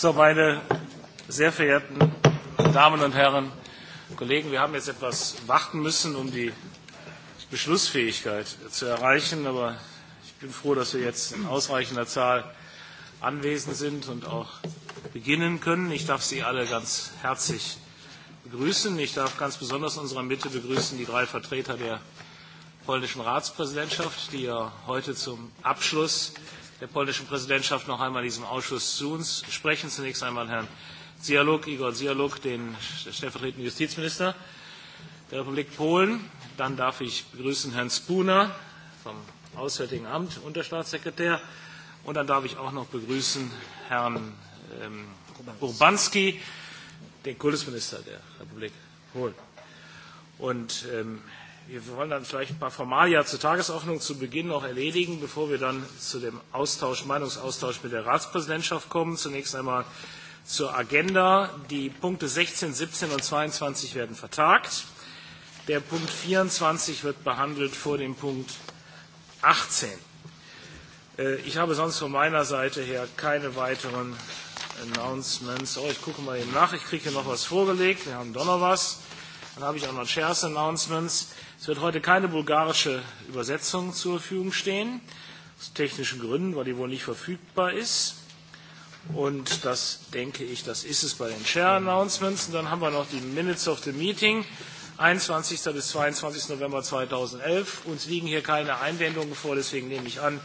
So, meine sehr verehrten Damen und Herren Kollegen, wir haben jetzt etwas warten müssen, um die Beschlussfähigkeit zu erreichen. Aber ich bin froh, dass wir jetzt in ausreichender Zahl anwesend sind und auch beginnen können. Ich darf Sie alle ganz herzlich begrüßen. Ich darf ganz besonders in unserer Mitte begrüßen die drei Vertreter der polnischen Ratspräsidentschaft, die ja heute zum Abschluss der polnischen Präsidentschaft noch einmal diesem Ausschuss zu uns sprechen. Zunächst einmal Herrn Zialuk, Igor Zialuk, den stellvertretenden Justizminister der Republik Polen. Dann darf ich begrüßen Herrn Spooner vom Auswärtigen Amt, Unterstaatssekretär. Und dann darf ich auch noch begrüßen Herrn ähm, Urbanski, den Kultusminister der Republik Polen. Und ähm, Wir wollen dann vielleicht ein paar Formalia zur Tagesordnung zu Beginn noch erledigen, bevor wir dann zu dem Austausch, Meinungsaustausch mit der Ratspräsidentschaft kommen. Zunächst einmal zur Agenda. Die Punkte 16, 17 und 22 werden vertagt. Der Punkt 24 wird behandelt vor dem Punkt 18. Ich habe sonst von meiner Seite her keine weiteren Announcements. Oh, ich gucke mal eben nach. Ich kriege hier noch was vorgelegt. Wir haben doch noch was. Dann habe ich auch noch Chairs Announcements. Es wird heute keine bulgarische Übersetzung zur Verfügung stehen, aus technischen Gründen, weil die wohl nicht verfügbar ist. Und das denke ich, das ist es bei den Chair Announcements. Und dann haben wir noch die Minutes of the Meeting, 21. bis 22. November 2011. Uns liegen hier keine Einwendungen vor, deswegen nehme ich an,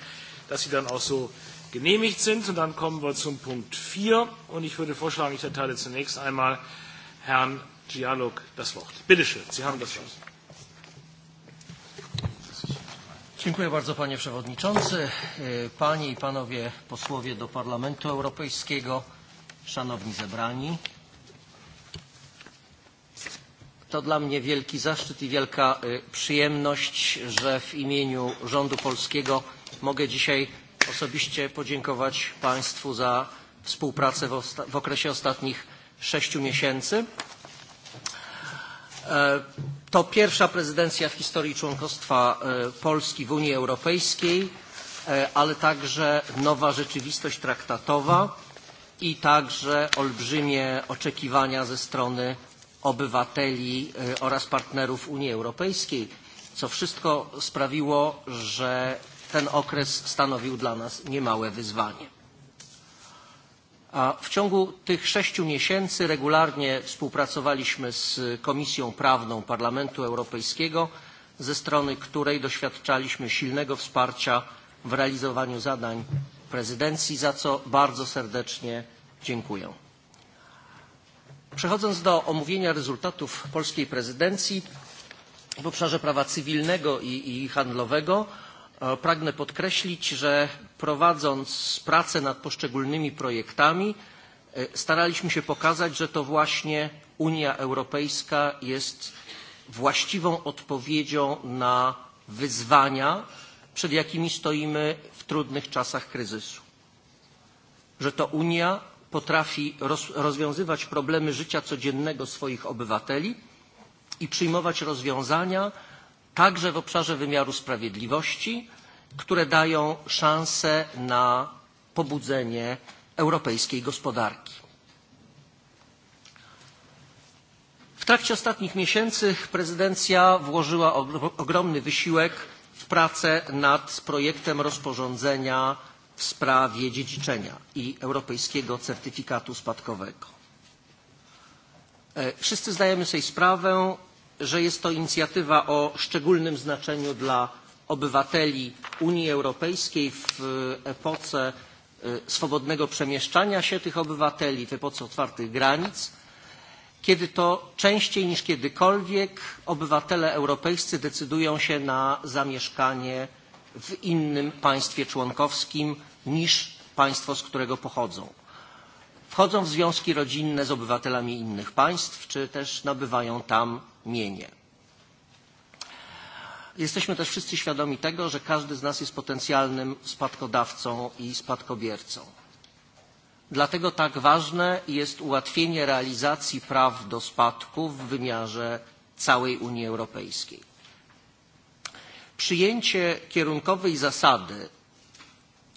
dass sie dann auch so genehmigt sind. Und dann kommen wir zum Punkt 4. Und ich würde vorschlagen, ich erteile zunächst einmal Herrn Dialog das Wort. Bitte schön, Sie haben das Wort. Dziękuję bardzo panie przewodniczący, panie i panowie posłowie do Parlamentu Europejskiego, szanowni zebrani. To dla mnie wielki zaszczyt i wielka przyjemność, że w imieniu rządu polskiego mogę dzisiaj osobiście podziękować państwu za współpracę w okresie ostatnich sześciu miesięcy. To pierwsza prezydencja w historii członkostwa Polski w Unii Europejskiej, ale także nowa rzeczywistość traktatowa i także olbrzymie oczekiwania ze strony obywateli oraz partnerów Unii Europejskiej, co wszystko sprawiło, że ten okres stanowił dla nas niemałe wyzwanie. W ciągu tych sześciu miesięcy regularnie współpracowaliśmy z Komisją Prawną Parlamentu Europejskiego, ze strony której doświadczaliśmy silnego wsparcia w realizowaniu zadań prezydencji, za co bardzo serdecznie dziękuję. Przechodząc do omówienia rezultatów polskiej prezydencji w obszarze prawa cywilnego i handlowego, pragnę podkreślić, że prowadząc pracę nad poszczególnymi projektami, staraliśmy się pokazać, że to właśnie Unia Europejska jest właściwą odpowiedzią na wyzwania, przed jakimi stoimy w trudnych czasach kryzysu. Że to Unia potrafi rozwiązywać problemy życia codziennego swoich obywateli i przyjmować rozwiązania także w obszarze wymiaru sprawiedliwości, które dają szansę na pobudzenie europejskiej gospodarki. W trakcie ostatnich miesięcy prezydencja włożyła ogromny wysiłek w pracę nad projektem rozporządzenia w sprawie dziedziczenia i europejskiego certyfikatu spadkowego. Wszyscy zdajemy sobie sprawę, że jest to inicjatywa o szczególnym znaczeniu dla obywateli Unii Europejskiej w epoce swobodnego przemieszczania się tych obywateli, w epoce otwartych granic, kiedy to częściej niż kiedykolwiek obywatele europejscy decydują się na zamieszkanie w innym państwie członkowskim niż państwo, z którego pochodzą. Wchodzą w związki rodzinne z obywatelami innych państw, czy też nabywają tam mienie. Jesteśmy też wszyscy świadomi tego, że każdy z nas jest potencjalnym spadkodawcą i spadkobiercą. Dlatego tak ważne jest ułatwienie realizacji praw do spadku w wymiarze całej Unii Europejskiej. Przyjęcie kierunkowej zasady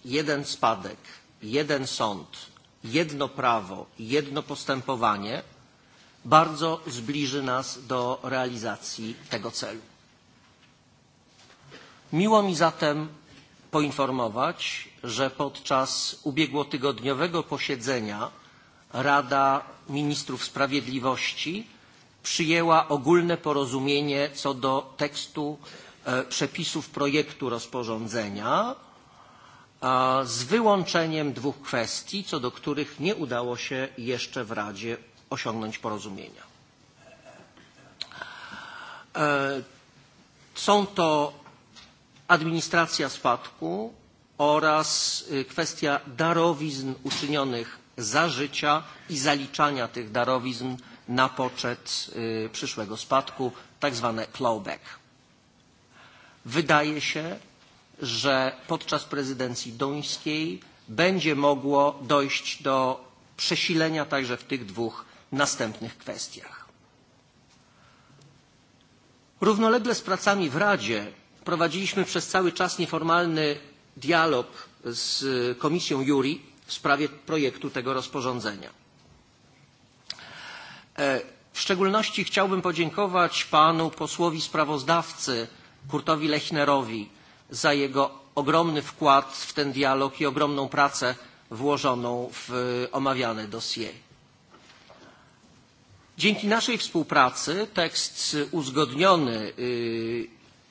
jeden spadek, jeden sąd, jedno prawo, jedno postępowanie bardzo zbliży nas do realizacji tego celu. Miło mi zatem poinformować, że podczas ubiegłotygodniowego posiedzenia Rada Ministrów Sprawiedliwości przyjęła ogólne porozumienie co do tekstu przepisów projektu rozporządzenia z wyłączeniem dwóch kwestii, co do których nie udało się jeszcze w Radzie osiągnąć porozumienia. Są to administracja spadku oraz kwestia darowizn uczynionych za życia i zaliczania tych darowizn na poczet przyszłego spadku, tak zwane clawback. Wydaje się, że podczas prezydencji duńskiej będzie mogło dojść do przesilenia także w tych dwóch następnych kwestiach. Równolegle z pracami w Radzie prowadziliśmy przez cały czas nieformalny dialog z Komisją Juri w sprawie projektu tego rozporządzenia. W szczególności chciałbym podziękować panu posłowi sprawozdawcy Kurtowi Lechnerowi za jego ogromny wkład w ten dialog i ogromną pracę włożoną w omawiane dossier. Dzięki naszej współpracy tekst uzgodniony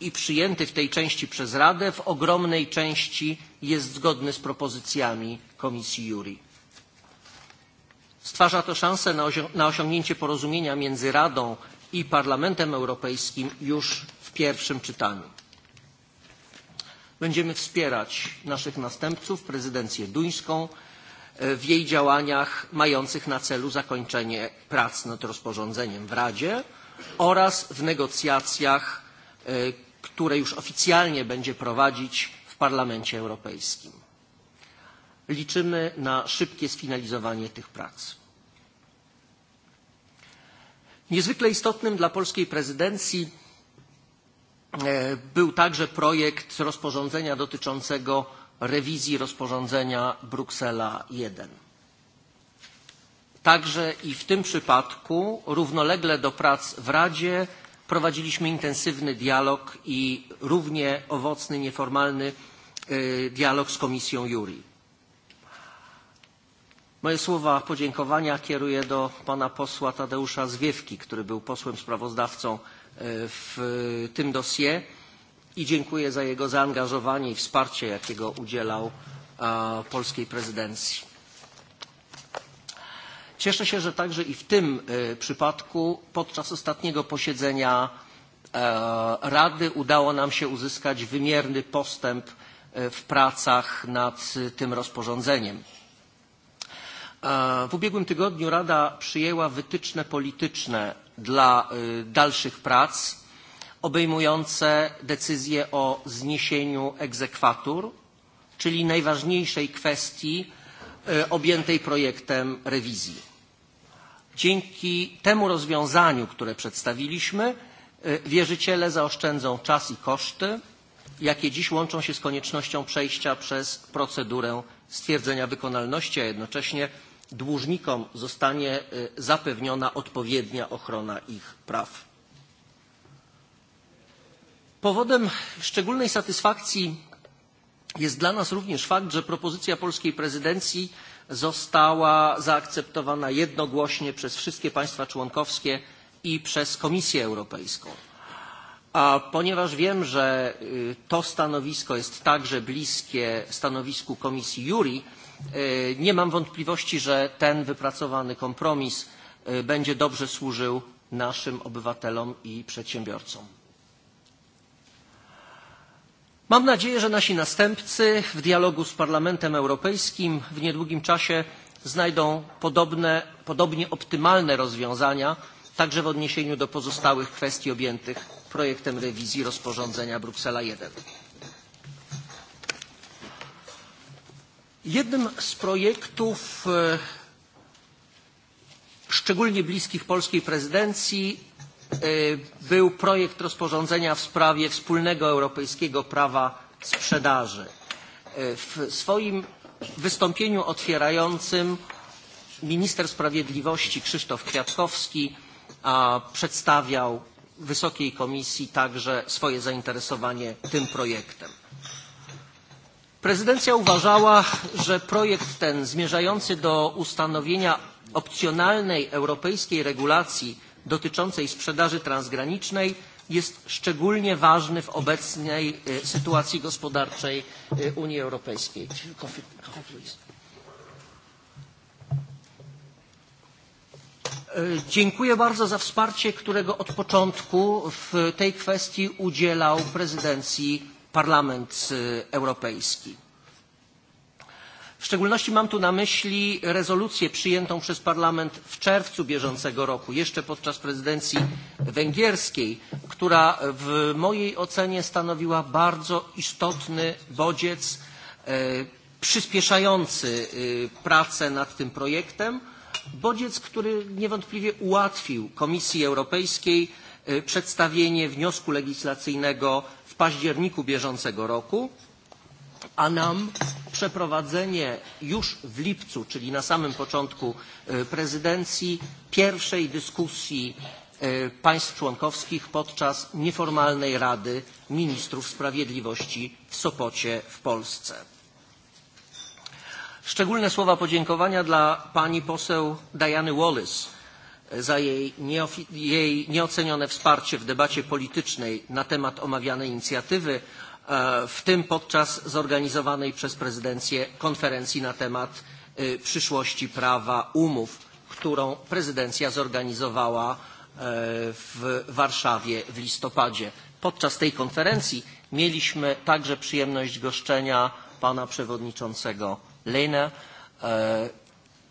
i przyjęty w tej części przez Radę w ogromnej części jest zgodny z propozycjami Komisji Juri. Stwarza to szansę na osiągnięcie porozumienia między Radą i Parlamentem Europejskim już w pierwszym czytaniu. Będziemy wspierać naszych następców, prezydencję duńską, w jej działaniach mających na celu zakończenie prac nad rozporządzeniem w Radzie oraz w negocjacjach które już oficjalnie będzie prowadzić w Parlamencie Europejskim. Liczymy na szybkie sfinalizowanie tych prac. Niezwykle istotnym dla polskiej prezydencji był także projekt rozporządzenia dotyczącego rewizji rozporządzenia Bruksela I. Także i w tym przypadku równolegle do prac w Radzie Prowadziliśmy intensywny dialog i równie owocny, nieformalny dialog z Komisją Juri. Moje słowa podziękowania kieruję do pana posła Tadeusza Zwiewki, który był posłem sprawozdawcą w tym dossier i dziękuję za jego zaangażowanie i wsparcie, jakiego udzielał polskiej prezydencji. Cieszę się, że także i w tym przypadku podczas ostatniego posiedzenia Rady udało nam się uzyskać wymierny postęp w pracach nad tym rozporządzeniem. W ubiegłym tygodniu Rada przyjęła wytyczne polityczne dla dalszych prac obejmujące decyzję o zniesieniu egzekwatur, czyli najważniejszej kwestii objętej projektem rewizji. Dzięki temu rozwiązaniu, które przedstawiliśmy, wierzyciele zaoszczędzą czas i koszty, jakie dziś łączą się z koniecznością przejścia przez procedurę stwierdzenia wykonalności, a jednocześnie dłużnikom zostanie zapewniona odpowiednia ochrona ich praw. Powodem szczególnej satysfakcji jest dla nas również fakt, że propozycja polskiej prezydencji została zaakceptowana jednogłośnie przez wszystkie państwa członkowskie i przez Komisję Europejską. A ponieważ wiem, że to stanowisko jest także bliskie stanowisku Komisji Juri, nie mam wątpliwości, że ten wypracowany kompromis będzie dobrze służył naszym obywatelom i przedsiębiorcom. Mam nadzieję, że nasi następcy w dialogu z Parlamentem Europejskim w niedługim czasie znajdą podobne, podobnie optymalne rozwiązania także w odniesieniu do pozostałych kwestii objętych projektem rewizji rozporządzenia Bruksela I. Jednym z projektów szczególnie bliskich polskiej prezydencji był projekt rozporządzenia w sprawie wspólnego europejskiego prawa sprzedaży. W swoim wystąpieniu otwierającym minister sprawiedliwości Krzysztof Kwiatkowski przedstawiał Wysokiej Komisji także swoje zainteresowanie tym projektem. Prezydencja uważała, że projekt ten zmierzający do ustanowienia opcjonalnej europejskiej regulacji dotyczącej sprzedaży transgranicznej jest szczególnie ważny w obecnej sytuacji gospodarczej Unii Europejskiej. Dziękuję bardzo za wsparcie, którego od początku w tej kwestii udzielał prezydencji Parlament Europejski. W szczególności mam tu na myśli rezolucję przyjętą przez Parlament w czerwcu bieżącego roku, jeszcze podczas prezydencji węgierskiej, która w mojej ocenie stanowiła bardzo istotny bodziec przyspieszający pracę nad tym projektem, bodziec, który niewątpliwie ułatwił Komisji Europejskiej przedstawienie wniosku legislacyjnego w październiku bieżącego roku, a nam przeprowadzenie już w lipcu, czyli na samym początku prezydencji, pierwszej dyskusji państw członkowskich podczas nieformalnej Rady Ministrów Sprawiedliwości w Sopocie w Polsce. Szczególne słowa podziękowania dla pani poseł Diany Wallis za jej, jej nieocenione wsparcie w debacie politycznej na temat omawianej inicjatywy w tym podczas zorganizowanej przez prezydencję konferencji na temat przyszłości prawa umów, którą prezydencja zorganizowała w Warszawie w listopadzie. Podczas tej konferencji mieliśmy także przyjemność goszczenia pana przewodniczącego Lehne.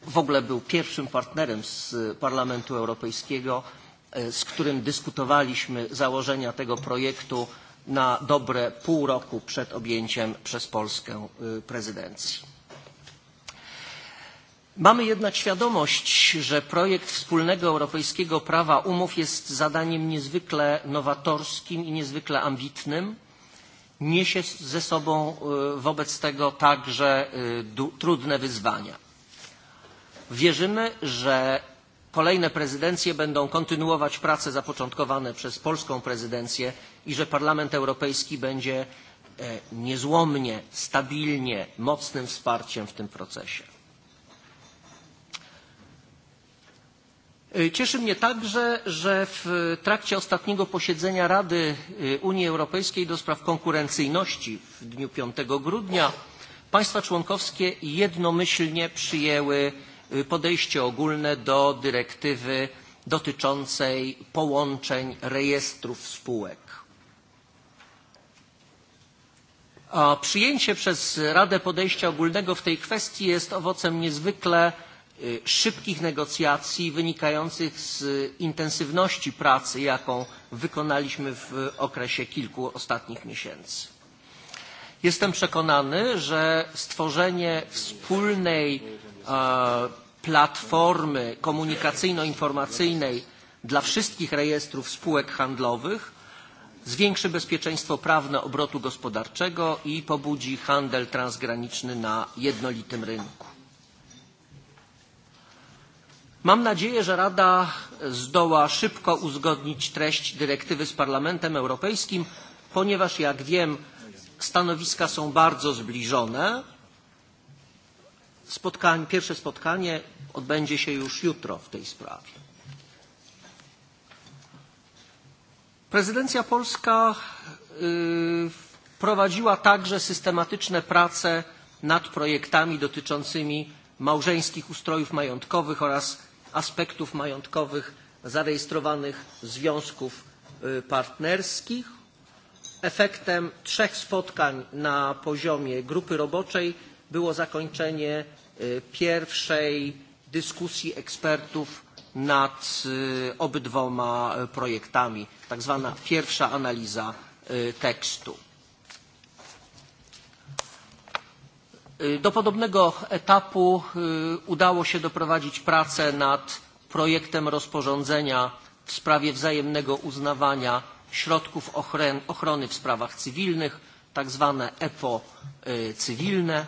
W ogóle był pierwszym partnerem z Parlamentu Europejskiego, z którym dyskutowaliśmy założenia tego projektu na dobre pół roku przed objęciem przez Polskę prezydencji. Mamy jednak świadomość, że projekt wspólnego europejskiego prawa umów jest zadaniem niezwykle nowatorskim i niezwykle ambitnym. Niesie ze sobą wobec tego także trudne wyzwania. Wierzymy, że kolejne prezydencje będą kontynuować prace zapoczątkowane przez polską prezydencję i że Parlament Europejski będzie niezłomnie, stabilnie, mocnym wsparciem w tym procesie. Cieszy mnie także, że w trakcie ostatniego posiedzenia Rady Unii Europejskiej do spraw konkurencyjności w dniu 5 grudnia państwa członkowskie jednomyślnie przyjęły podejście ogólne do dyrektywy dotyczącej połączeń rejestrów spółek. Przyjęcie przez Radę podejścia ogólnego w tej kwestii jest owocem niezwykle szybkich negocjacji wynikających z intensywności pracy, jaką wykonaliśmy w okresie kilku ostatnich miesięcy. Jestem przekonany, że stworzenie wspólnej platformy komunikacyjno-informacyjnej dla wszystkich rejestrów spółek handlowych zwiększy bezpieczeństwo prawne obrotu gospodarczego i pobudzi handel transgraniczny na jednolitym rynku. Mam nadzieję, że Rada zdoła szybko uzgodnić treść dyrektywy z Parlamentem Europejskim, ponieważ jak wiem stanowiska są bardzo zbliżone spotkanie, pierwsze spotkanie odbędzie się już jutro w tej sprawie. Prezydencja polska prowadziła także systematyczne prace nad projektami dotyczącymi małżeńskich ustrojów majątkowych oraz aspektów majątkowych zarejestrowanych związków partnerskich. Efektem trzech spotkań na poziomie grupy roboczej było zakończenie pierwszej dyskusji ekspertów nad obydwoma projektami, tak zwana pierwsza analiza tekstu. Do podobnego etapu udało się doprowadzić pracę nad projektem rozporządzenia w sprawie wzajemnego uznawania środków ochrony w sprawach cywilnych tak zwane EPO cywilne.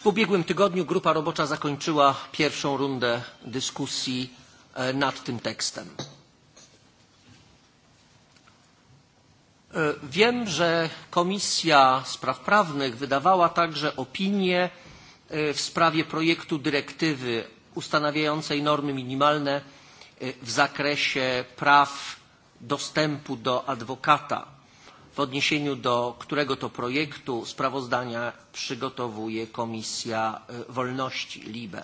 W ubiegłym tygodniu grupa robocza zakończyła pierwszą rundę dyskusji nad tym tekstem. Wiem, że Komisja Spraw Prawnych wydawała także opinię w sprawie projektu dyrektywy ustanawiającej normy minimalne w zakresie praw dostępu do adwokata w odniesieniu do którego to projektu sprawozdania przygotowuje Komisja Wolności LIBE.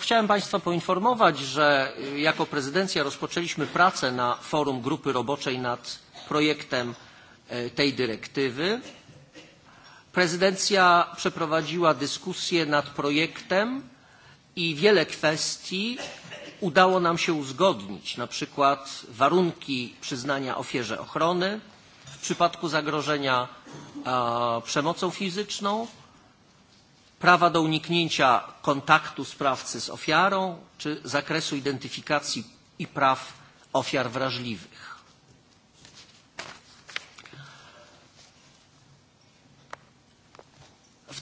Chciałem Państwa poinformować, że jako prezydencja rozpoczęliśmy pracę na forum grupy roboczej nad projektem tej dyrektywy. Prezydencja przeprowadziła dyskusję nad projektem i wiele kwestii udało nam się uzgodnić na przykład warunki przyznania ofierze ochrony w przypadku zagrożenia przemocą fizyczną, prawa do uniknięcia kontaktu sprawcy z ofiarą czy zakresu identyfikacji i praw ofiar wrażliwych.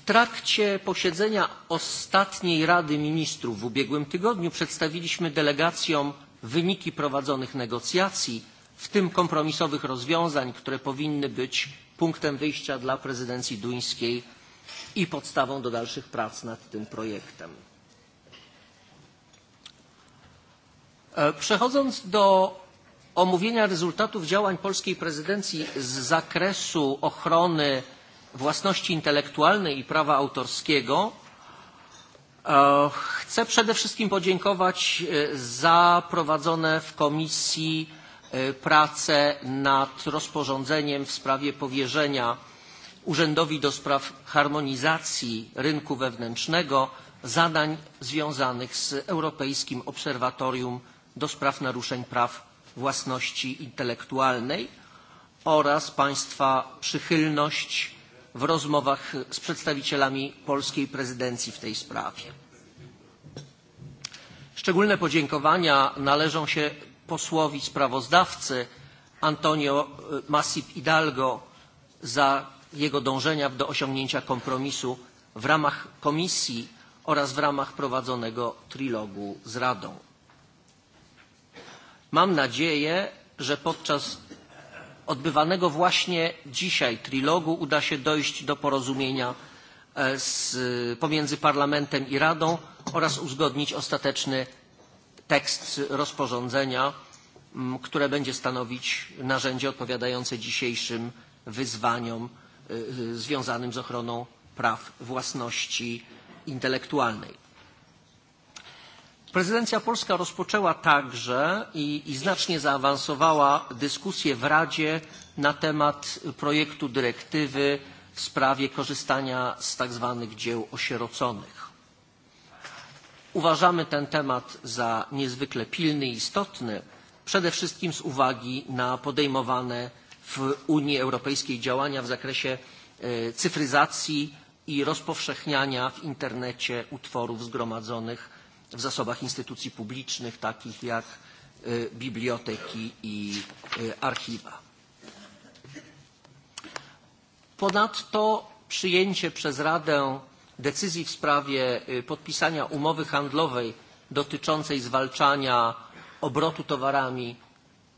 trakcie posiedzenia ostatniej Rady Ministrów w ubiegłym tygodniu przedstawiliśmy delegacjom wyniki prowadzonych negocjacji, w tym kompromisowych rozwiązań, które powinny być punktem wyjścia dla prezydencji duńskiej i podstawą do dalszych prac nad tym projektem. Przechodząc do omówienia rezultatów działań polskiej prezydencji z zakresu ochrony własności intelektualnej i prawa autorskiego chcę przede wszystkim podziękować za prowadzone w komisji prace nad rozporządzeniem w sprawie powierzenia Urzędowi do Spraw Harmonizacji Rynku Wewnętrznego zadań związanych z Europejskim Obserwatorium do Spraw Naruszeń Praw Własności Intelektualnej oraz Państwa przychylność w rozmowach z przedstawicielami polskiej prezydencji w tej sprawie. Szczególne podziękowania należą się posłowi sprawozdawcy Antonio Masip Hidalgo za jego dążenia do osiągnięcia kompromisu w ramach komisji oraz w ramach prowadzonego trilogu z Radą. Mam nadzieję, że podczas odbywanego właśnie dzisiaj trilogu uda się dojść do porozumienia z, pomiędzy Parlamentem i Radą oraz uzgodnić ostateczny tekst rozporządzenia, które będzie stanowić narzędzie odpowiadające dzisiejszym wyzwaniom związanym z ochroną praw własności intelektualnej. Prezydencja polska rozpoczęła także i, i znacznie zaawansowała dyskusję w Radzie na temat projektu dyrektywy w sprawie korzystania z tak zwanych dzieł osieroconych. Uważamy ten temat za niezwykle pilny i istotny, przede wszystkim z uwagi na podejmowane w Unii Europejskiej działania w zakresie cyfryzacji i rozpowszechniania w internecie utworów zgromadzonych w zasobach instytucji publicznych, takich jak biblioteki i archiwa. Ponadto przyjęcie przez Radę decyzji w sprawie podpisania umowy handlowej dotyczącej zwalczania obrotu towarami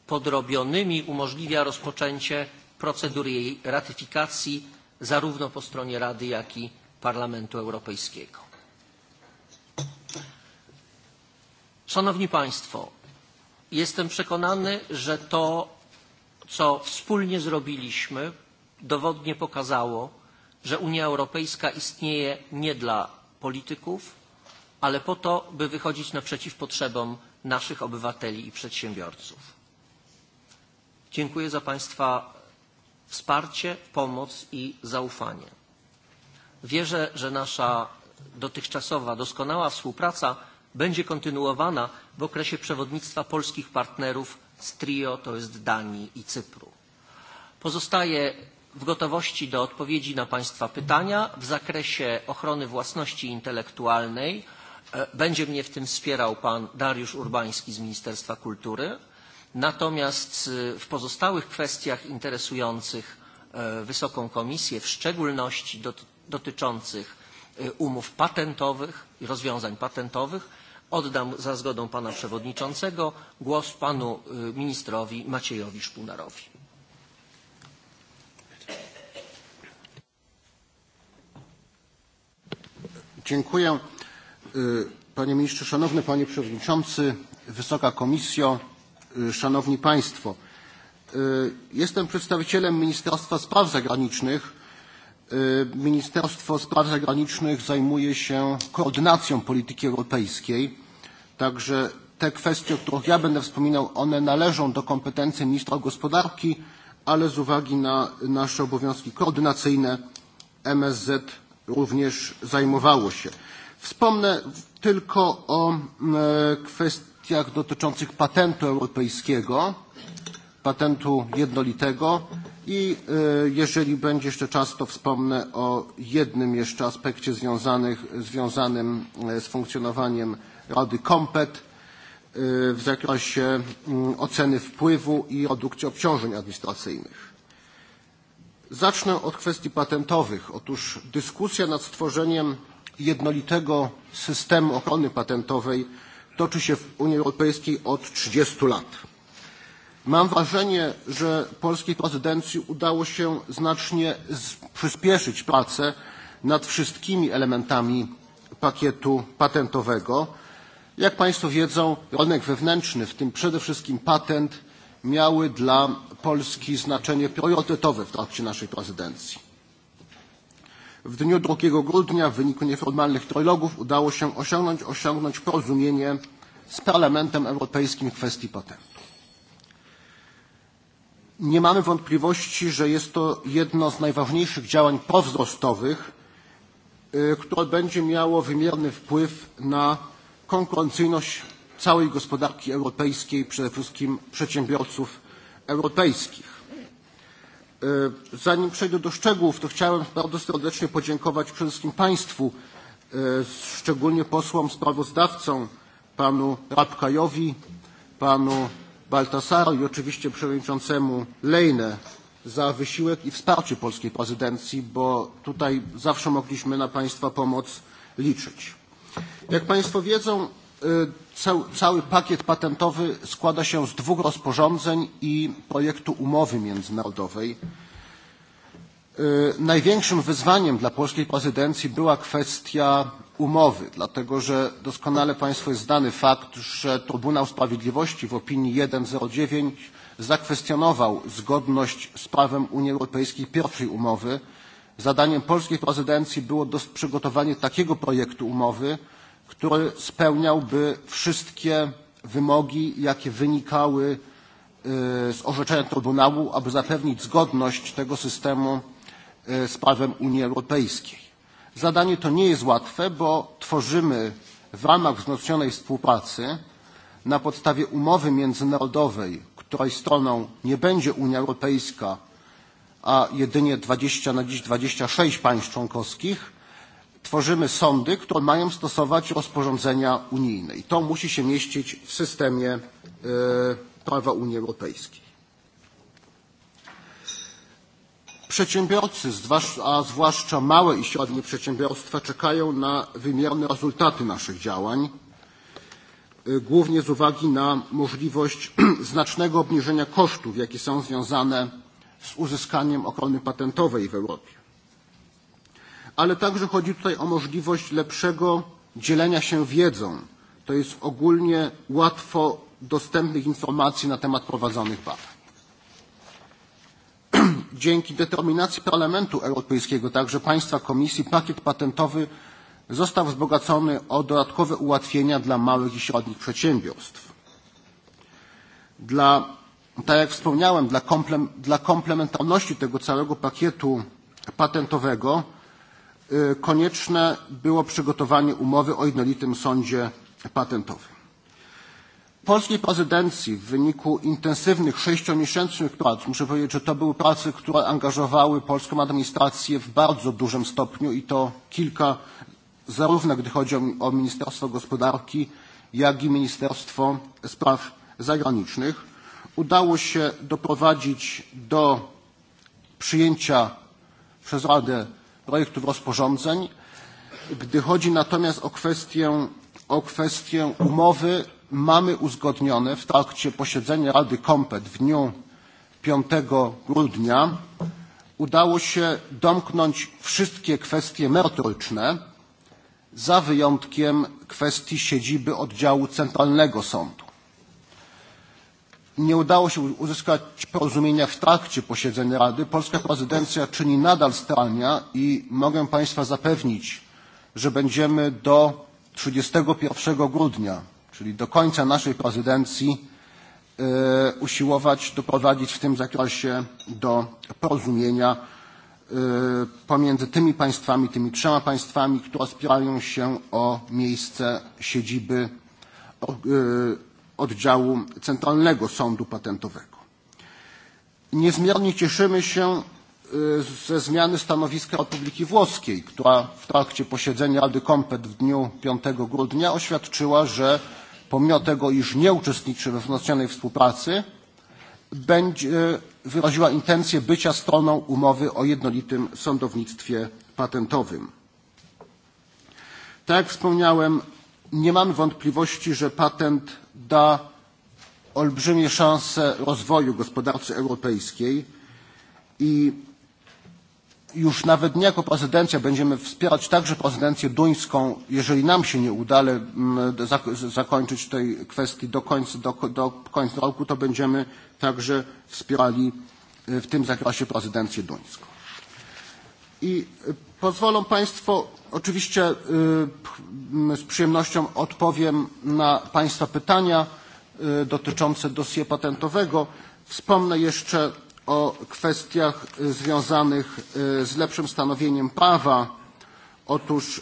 podrobionymi umożliwia rozpoczęcie procedury jej ratyfikacji zarówno po stronie Rady, jak i Parlamentu Europejskiego. Szanowni Państwo, jestem przekonany, że to, co wspólnie zrobiliśmy, dowodnie pokazało, że Unia Europejska istnieje nie dla polityków, ale po to, by wychodzić naprzeciw potrzebom naszych obywateli i przedsiębiorców. Dziękuję za Państwa wsparcie, pomoc i zaufanie. Wierzę, że nasza dotychczasowa doskonała współpraca będzie kontynuowana w okresie przewodnictwa polskich partnerów z TRIO, to jest Danii i Cypru. Pozostaje w gotowości do odpowiedzi na Państwa pytania w zakresie ochrony własności intelektualnej. Będzie mnie w tym wspierał Pan Dariusz Urbański z Ministerstwa Kultury. Natomiast w pozostałych kwestiach interesujących Wysoką Komisję, w szczególności dotyczących umów patentowych i rozwiązań patentowych, Oddam za zgodą pana przewodniczącego głos panu ministrowi Maciejowi Szpunarowi. Dziękuję. Panie ministrze, szanowny panie przewodniczący, wysoka komisjo, szanowni państwo. Jestem przedstawicielem Ministerstwa Spraw Zagranicznych Ministerstwo Spraw Zagranicznych zajmuje się koordynacją polityki europejskiej, także te kwestie, o których ja będę wspominał, one należą do kompetencji ministra gospodarki, ale z uwagi na nasze obowiązki koordynacyjne MSZ również zajmowało się. Wspomnę tylko o kwestiach dotyczących patentu europejskiego patentu jednolitego i jeżeli będzie jeszcze czas, to wspomnę o jednym jeszcze aspekcie związanych, związanym z funkcjonowaniem Rady Kompet w zakresie oceny wpływu i redukcji obciążeń administracyjnych. Zacznę od kwestii patentowych. Otóż dyskusja nad stworzeniem jednolitego systemu ochrony patentowej toczy się w Unii Europejskiej od 30 lat. Mam wrażenie, że polskiej prezydencji udało się znacznie przyspieszyć pracę nad wszystkimi elementami pakietu patentowego. Jak Państwo wiedzą, rynek wewnętrzny, w tym przede wszystkim patent, miały dla Polski znaczenie priorytetowe w trakcie naszej prezydencji. W dniu 2 grudnia w wyniku nieformalnych trilogów udało się osiągnąć, osiągnąć porozumienie z Parlamentem Europejskim w kwestii patentu. Nie mamy wątpliwości, że jest to jedno z najważniejszych działań powzrostowych, które będzie miało wymierny wpływ na konkurencyjność całej gospodarki europejskiej, przede wszystkim przedsiębiorców europejskich. Zanim przejdę do szczegółów, to chciałem bardzo serdecznie podziękować przede wszystkim Państwu, szczególnie posłom sprawozdawcom, panu Rabkajowi, panu Baltasaro i oczywiście przewodniczącemu Lejne za wysiłek i wsparcie polskiej prezydencji, bo tutaj zawsze mogliśmy na Państwa pomoc liczyć. Jak Państwo wiedzą, cały pakiet patentowy składa się z dwóch rozporządzeń i projektu umowy międzynarodowej. Największym wyzwaniem dla polskiej prezydencji była kwestia umowy, dlatego że doskonale Państwu jest znany fakt, że Trybunał Sprawiedliwości w opinii 109 zakwestionował zgodność z prawem Unii Europejskiej pierwszej umowy. Zadaniem polskiej prezydencji było przygotowanie takiego projektu umowy, który spełniałby wszystkie wymogi, jakie wynikały z orzeczenia Trybunału, aby zapewnić zgodność tego systemu z prawem Unii Europejskiej. Zadanie to nie jest łatwe, bo tworzymy w ramach wzmocnionej współpracy na podstawie umowy międzynarodowej, której stroną nie będzie Unia Europejska, a jedynie 20, na dziś 26 państw członkowskich, tworzymy sądy, które mają stosować rozporządzenia unijne. I to musi się mieścić w systemie prawa Unii Europejskiej. Przedsiębiorcy, a zwłaszcza małe i średnie przedsiębiorstwa, czekają na wymierne rezultaty naszych działań, głównie z uwagi na możliwość znacznego obniżenia kosztów, jakie są związane z uzyskaniem ochrony patentowej w Europie. Ale także chodzi tutaj o możliwość lepszego dzielenia się wiedzą, to jest ogólnie łatwo dostępnych informacji na temat prowadzonych badań dzięki determinacji Parlamentu Europejskiego, także państwa komisji, pakiet patentowy został wzbogacony o dodatkowe ułatwienia dla małych i średnich przedsiębiorstw. Dla, tak jak wspomniałem, dla, komplem, dla komplementarności tego całego pakietu patentowego konieczne było przygotowanie umowy o jednolitym sądzie patentowym polskiej prezydencji w wyniku intensywnych sześciomiesięcznych prac, muszę powiedzieć, że to były prace, które angażowały polską administrację w bardzo dużym stopniu i to kilka, zarówno gdy chodzi o, Ministerstwo Gospodarki, jak i Ministerstwo Spraw Zagranicznych. Udało się doprowadzić do przyjęcia przez Radę projektów rozporządzeń. Gdy chodzi natomiast o kwestię, o kwestię umowy, mamy uzgodnione w trakcie posiedzenia Rady Kompet w dniu 5 grudnia udało się domknąć wszystkie kwestie merytoryczne, za wyjątkiem kwestii siedziby oddziału Centralnego Sądu. Nie udało się uzyskać porozumienia w trakcie posiedzenia Rady. Polska prezydencja czyni nadal starania i mogę Państwa zapewnić, że będziemy do 31 grudnia czyli do końca naszej prezydencji usiłować doprowadzić w tym zakresie do porozumienia pomiędzy tymi państwami, tymi trzema państwami, które spierają się o miejsce siedziby oddziału Centralnego Sądu Patentowego. Niezmiernie cieszymy się ze zmiany stanowiska Republiki Włoskiej, która w trakcie posiedzenia Rady Kompet w dniu 5 grudnia oświadczyła, że pomimo tego, iż nie uczestniczy we wzmocnionej współpracy, będzie wyraziła intencję bycia stroną umowy o jednolitym sądownictwie patentowym. Tak jak wspomniałem, nie mam wątpliwości, że patent da olbrzymie szanse rozwoju gospodarce europejskiej i już nawet nie jako prezydencja będziemy wspierać także prezydencję duńską, jeżeli nam się nie uda ale zakończyć tej kwestii do końca, do, do końca roku, to będziemy także wspierali w tym zakresie prezydencję duńską. I pozwolą Państwo, oczywiście z przyjemnością odpowiem na Państwa pytania dotyczące dosie patentowego. Wspomnę jeszcze o kwestiach związanych z lepszym stanowieniem prawa. Otóż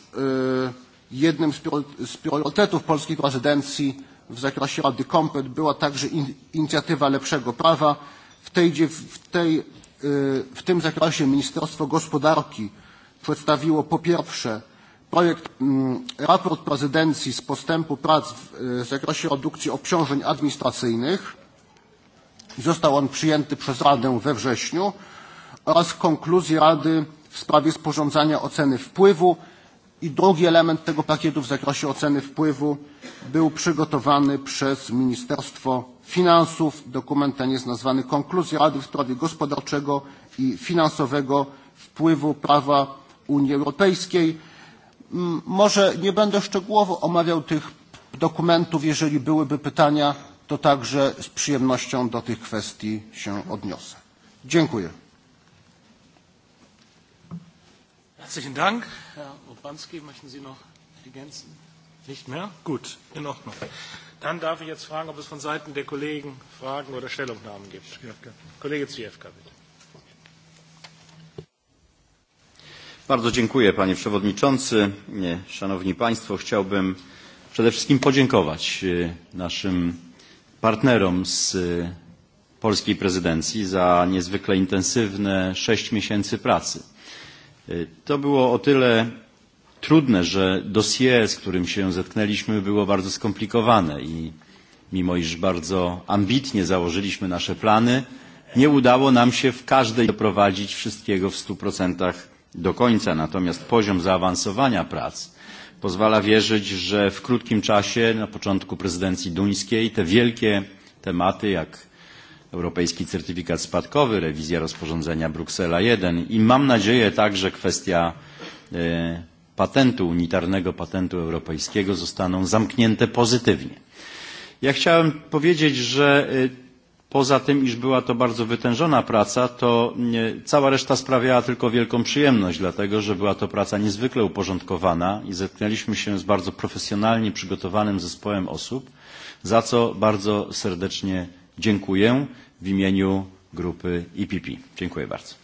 jednym z priorytetów polskiej prezydencji w zakresie Rady Kompet była także inicjatywa lepszego prawa. W, tej, w, tej, w tym zakresie Ministerstwo Gospodarki przedstawiło po pierwsze projekt raport prezydencji z postępu prac w zakresie redukcji obciążeń administracyjnych Został on przyjęty przez Radę we wrześniu oraz konkluzje Rady w sprawie sporządzania oceny wpływu i drugi element tego pakietu w zakresie oceny wpływu był przygotowany przez Ministerstwo Finansów. Dokument ten jest nazwany Konkluzja Rady w sprawie gospodarczego i finansowego wpływu prawa Unii Europejskiej. Może nie będę szczegółowo omawiał tych dokumentów. Jeżeli byłyby pytania, to także z przyjemnością do tych kwestii się odniosę. Dziękuję. Herzlichen Dank. Herr Obanski, möchten Sie noch ergänzen? Nicht mehr? Gut, in Ordnung. Dann darf ich jetzt fragen, ob es von Seiten der Kollegen Fragen oder Stellungnahmen gibt. Kollege Zwiefka, bitte. Bardzo dziękuję panie przewodniczący. Szanowni państwo, chciałbym przede wszystkim podziękować naszym partnerom z polskiej prezydencji za niezwykle intensywne sześć miesięcy pracy. To było o tyle trudne, że dossier, z którym się zetknęliśmy, było bardzo skomplikowane i mimo iż bardzo ambitnie założyliśmy nasze plany, nie udało nam się w każdej doprowadzić wszystkiego w 100% do końca. Natomiast poziom zaawansowania prac pozwala wierzyć, że w krótkim czasie, na początku prezydencji duńskiej, te wielkie tematy jak europejski certyfikat spadkowy, rewizja rozporządzenia Bruksela I i mam nadzieję także kwestia patentu unitarnego, patentu europejskiego zostaną zamknięte pozytywnie. Ja chciałem powiedzieć, że Poza tym, iż była to bardzo wytężona praca, to cała reszta sprawiała tylko wielką przyjemność, dlatego że była to praca niezwykle uporządkowana i zetknęliśmy się z bardzo profesjonalnie przygotowanym zespołem osób, za co bardzo serdecznie dziękuję w imieniu grupy IPP. Dziękuję bardzo.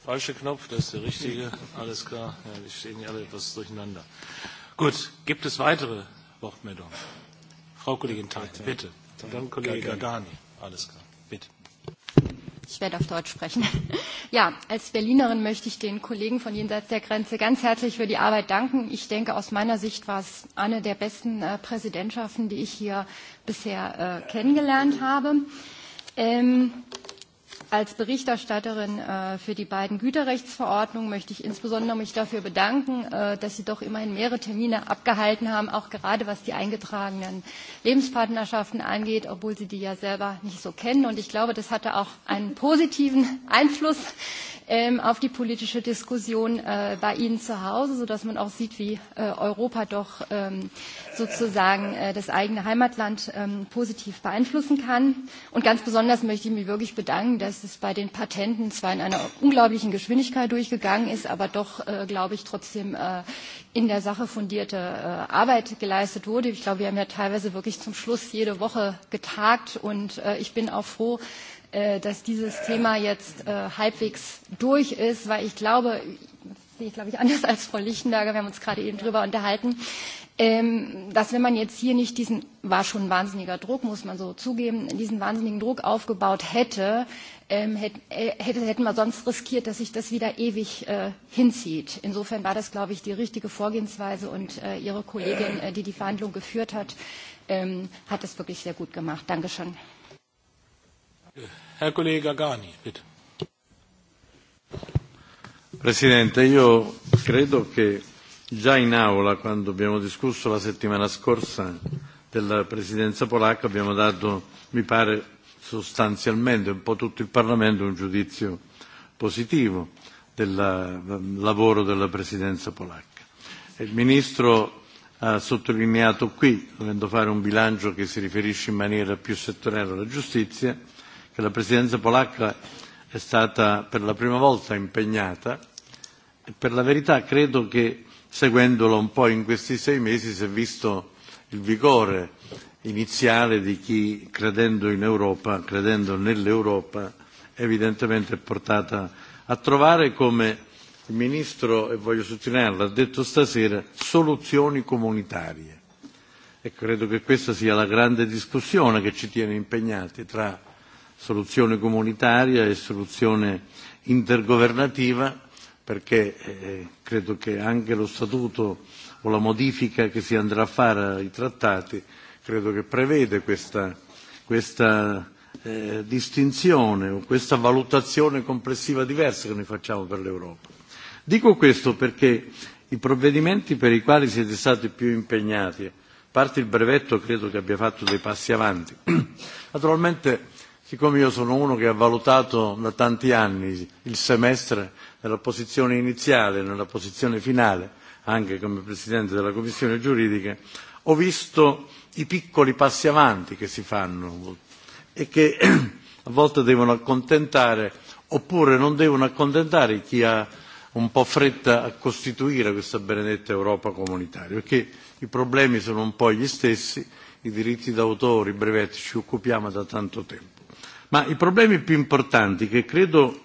Falsche Knopf, das ist der richtige. Alles klar. Ja, wir stehen alle etwas durcheinander. Gut, gibt es weitere Wort Frau Kollegin Theit, bitte. Und dann Kollege Gagani. Alles klar, bitte. Ich werde auf Deutsch sprechen. Ja, als Berlinerin möchte ich den Kollegen von jenseits der Grenze ganz herzlich für die Arbeit danken. Ich denke, aus meiner Sicht war es eine der besten äh, Präsidentschaften, die ich hier bisher äh, kennengelernt habe. Ähm, Als Berichterstatterin für die beiden Güterrechtsverordnungen möchte ich insbesondere mich dafür bedanken, dass Sie doch immerhin mehrere Termine abgehalten haben, auch gerade was die eingetragenen Lebenspartnerschaften angeht, obwohl Sie die ja selber nicht so kennen. Und ich glaube, das hatte auch einen positiven Einfluss auf die politische Diskussion bei Ihnen zu Hause, sodass man auch sieht, wie Europa doch sozusagen das eigene Heimatland positiv beeinflussen kann. Und ganz besonders möchte ich mich wirklich bedanken, dass es bei den Patenten zwar in einer unglaublichen Geschwindigkeit durchgegangen ist, aber doch, glaube ich, trotzdem in der Sache fundierte Arbeit geleistet wurde. Ich glaube, wir haben ja teilweise wirklich zum Schluss jede Woche getagt und ich bin auch froh, dass dieses Thema jetzt halbwegs durch ist, weil ich glaube, das sehe ich glaube ich anders als Frau Lichtenberger, wir haben uns gerade eben darüber unterhalten, dass wenn man jetzt hier nicht diesen, war schon ein wahnsinniger Druck, muss man so zugeben, diesen wahnsinnigen Druck aufgebaut hätte, hätten wir sonst riskiert, dass sich das wieder ewig hinzieht. Insofern war das, glaube ich, die richtige Vorgehensweise und Ihre Kollegin, die die Verhandlung geführt hat, hat es wirklich sehr gut gemacht. Dankeschön. Herr Kollege bitte. Presidente, io credo che già in aula, quando abbiamo discusso la settimana scorsa della presidenza polacca, abbiamo dato, mi pare, sostanzialmente un po' tutto il Parlamento un giudizio positivo del lavoro della presidenza polacca. Il Ministro ha sottolineato qui, dovendo fare un bilancio che si riferisce in maniera più settoriale alla giustizia, che la presidenza polacca è stata per la prima volta impegnata e per la verità credo che seguendola un po' in questi sei mesi si è visto il vigore iniziale di chi credendo in Europa, credendo nell'Europa, evidentemente è portata a trovare come il Ministro, e voglio sottolinearlo, ha detto stasera, soluzioni comunitarie. E credo che questa sia la grande discussione che ci tiene impegnati tra soluzione comunitaria e soluzione intergovernativa perché eh, credo che anche lo statuto o la modifica che si andrà a fare ai trattati credo che prevede questa, questa eh, distinzione o questa valutazione complessiva diversa che noi facciamo per l'Europa. Dico questo perché i provvedimenti per i quali siete stati più impegnati, a parte il brevetto credo che abbia fatto dei passi avanti, naturalmente siccome io sono uno che ha valutato da tanti anni il semestre nella posizione iniziale, e nella posizione finale, anche come Presidente della Commissione giuridica, ho visto i piccoli passi avanti che si fanno e che a volte devono accontentare oppure non devono accontentare chi ha un po' fretta a costituire questa benedetta Europa comunitaria, perché i problemi sono un po' gli stessi, i diritti d'autore, i brevetti, ci occupiamo da tanto tempo. Ma i problemi più importanti che credo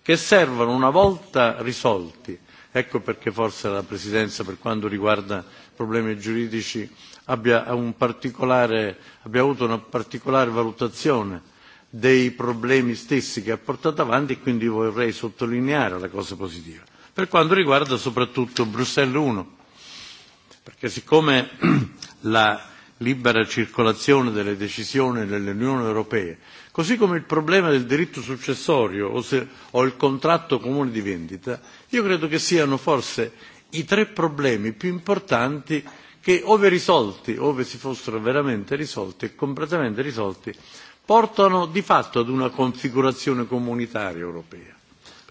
che servano una volta risolti, ecco perché forse la Presidenza per quanto riguarda problemi giuridici abbia, avuto una particolare valutazione dei problemi stessi che ha portato avanti e quindi vorrei sottolineare la cosa positiva. Per quanto riguarda soprattutto Bruxelles I, perché siccome la libera circolazione delle decisioni nell'Unione Europea Così come il problema del diritto successorio o, se, o il contratto comune di vendita, io credo che siano forse i tre problemi più importanti che, ove risolti, ove si fossero veramente risolti e completamente risolti, portano di fatto ad una configurazione comunitaria europea.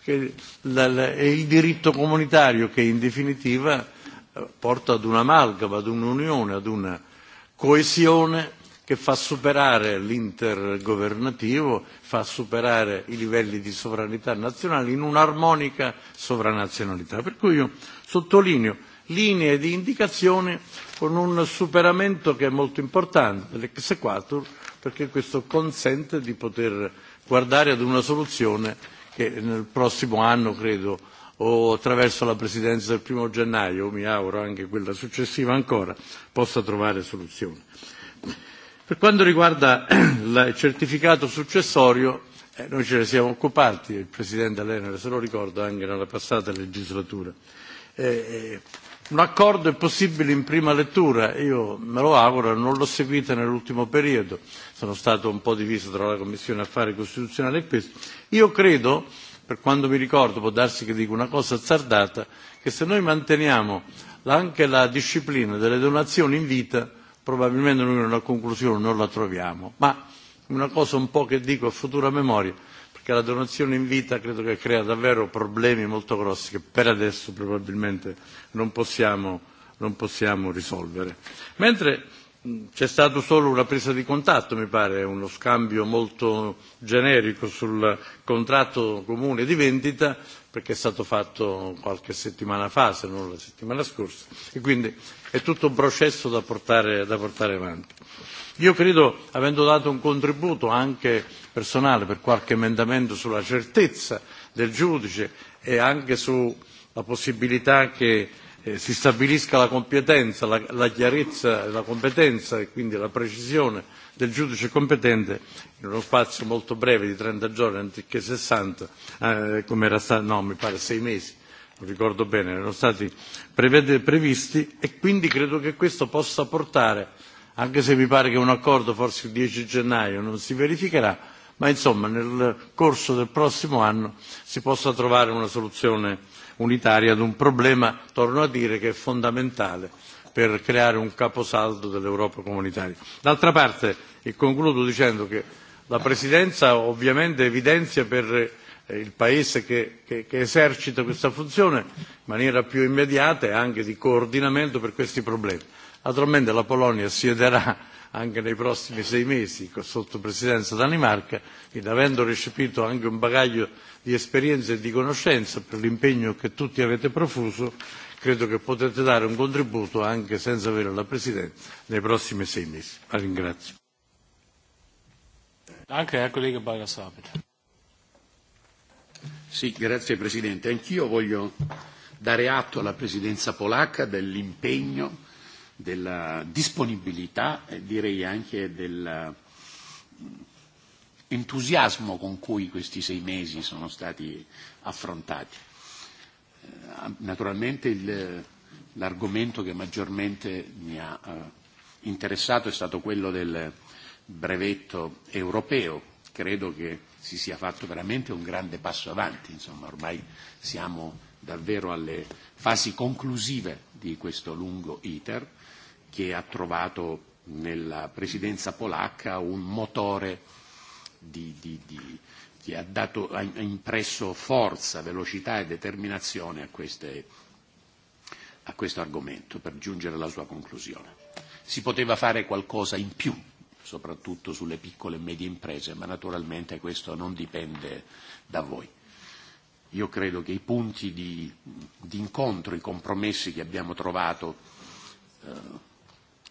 Perché è il diritto comunitario che in definitiva porta ad un'amalgama, ad un'unione, ad una coesione che fa superare l'intergovernativo, fa superare i livelli di sovranità nazionale in un'armonica sovranazionalità. Per cui io sottolineo linee di indicazione con un superamento che è molto importante equator, perché questo consente di poter guardare ad una soluzione che nel prossimo anno credo o attraverso la presidenza del primo gennaio, mi auguro anche quella successiva ancora, possa trovare soluzione. Per quanto riguarda il certificato successorio, eh, noi ce ne siamo occupati, il Presidente Lenner se lo ricorda anche nella passata legislatura. Eh, un accordo è possibile in prima lettura, io me lo auguro, non l'ho seguita nell'ultimo periodo, sono stato un po' diviso tra la Commissione Affari Costituzionali e questo. Io credo, per quanto mi ricordo, può darsi che dico una cosa azzardata, che se noi manteniamo anche la disciplina delle donazioni in vita probabilmente noi una conclusione non la troviamo, ma una cosa un po' che dico a futura memoria, perché la donazione in vita credo che crea davvero problemi molto grossi che per adesso probabilmente non possiamo, non possiamo risolvere. Mentre c'è stata solo una presa di contatto, mi pare, uno scambio molto generico sul contratto comune di vendita perché è stato fatto qualche settimana fa, se non la settimana scorsa, e quindi è tutto un processo da portare, da portare avanti. Io credo, avendo dato un contributo anche personale per qualche emendamento sulla certezza del giudice e anche sulla possibilità che si stabilisca la competenza, la, la chiarezza, la competenza e quindi la precisione del giudice competente in uno spazio molto breve di 30 giorni anziché 60, eh, come era stato, no mi pare 6 mesi, non ricordo bene, erano stati previsti e quindi credo che questo possa portare, anche se mi pare che un accordo forse il 10 gennaio non si verificherà, ma insomma nel corso del prossimo anno si possa trovare una soluzione unitaria ad un problema, torno a dire, che è fondamentale per creare un caposaldo dell'Europa comunitaria. D'altra parte, e concludo dicendo che la Presidenza ovviamente evidenzia per il Paese che, che, che esercita questa funzione in maniera più immediata e anche di coordinamento per questi problemi. Naturalmente la Polonia siederà anche nei prossimi sei mesi sotto presidenza Danimarca ed avendo recepito anche un bagaglio di esperienza e di conoscenza per l'impegno che tutti avete profuso, credo che potete dare un contributo anche senza avere la presidenza nei prossimi sei mesi. La ringrazio. Anche Sì, grazie Presidente. Anch'io voglio dare atto alla Presidenza polacca dell'impegno della disponibilità e direi anche dell'entusiasmo con cui questi sei mesi sono stati affrontati. Naturalmente il, l'argomento che maggiormente mi ha eh, interessato è stato quello del brevetto europeo. Credo che si sia fatto veramente un grande passo avanti, insomma ormai siamo davvero alle fasi conclusive di questo lungo iter che ha trovato nella presidenza polacca un motore di, di, di, che ha, dato, ha impresso forza, velocità e determinazione a, queste, a questo argomento per giungere alla sua conclusione. Si poteva fare qualcosa in più, soprattutto sulle piccole e medie imprese, ma naturalmente questo non dipende da voi. Io credo che i punti di, di incontro, i compromessi che abbiamo trovato eh,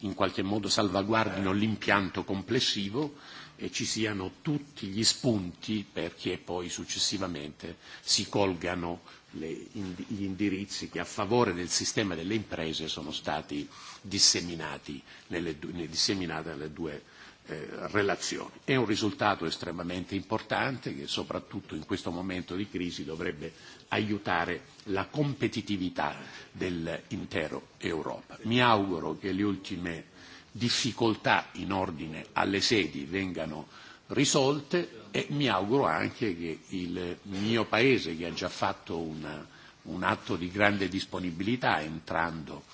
in qualche modo salvaguardino l'impianto complessivo e ci siano tutti gli spunti perché poi successivamente si colgano le, gli indirizzi che a favore del sistema delle imprese sono stati disseminati nelle, disseminati nelle due relazioni. È un risultato estremamente importante che soprattutto in questo momento di crisi dovrebbe aiutare la competitività dell'intero Europa. Mi auguro che le ultime difficoltà in ordine alle sedi vengano risolte e mi auguro anche che il mio Paese, che ha già fatto un, un atto di grande disponibilità entrando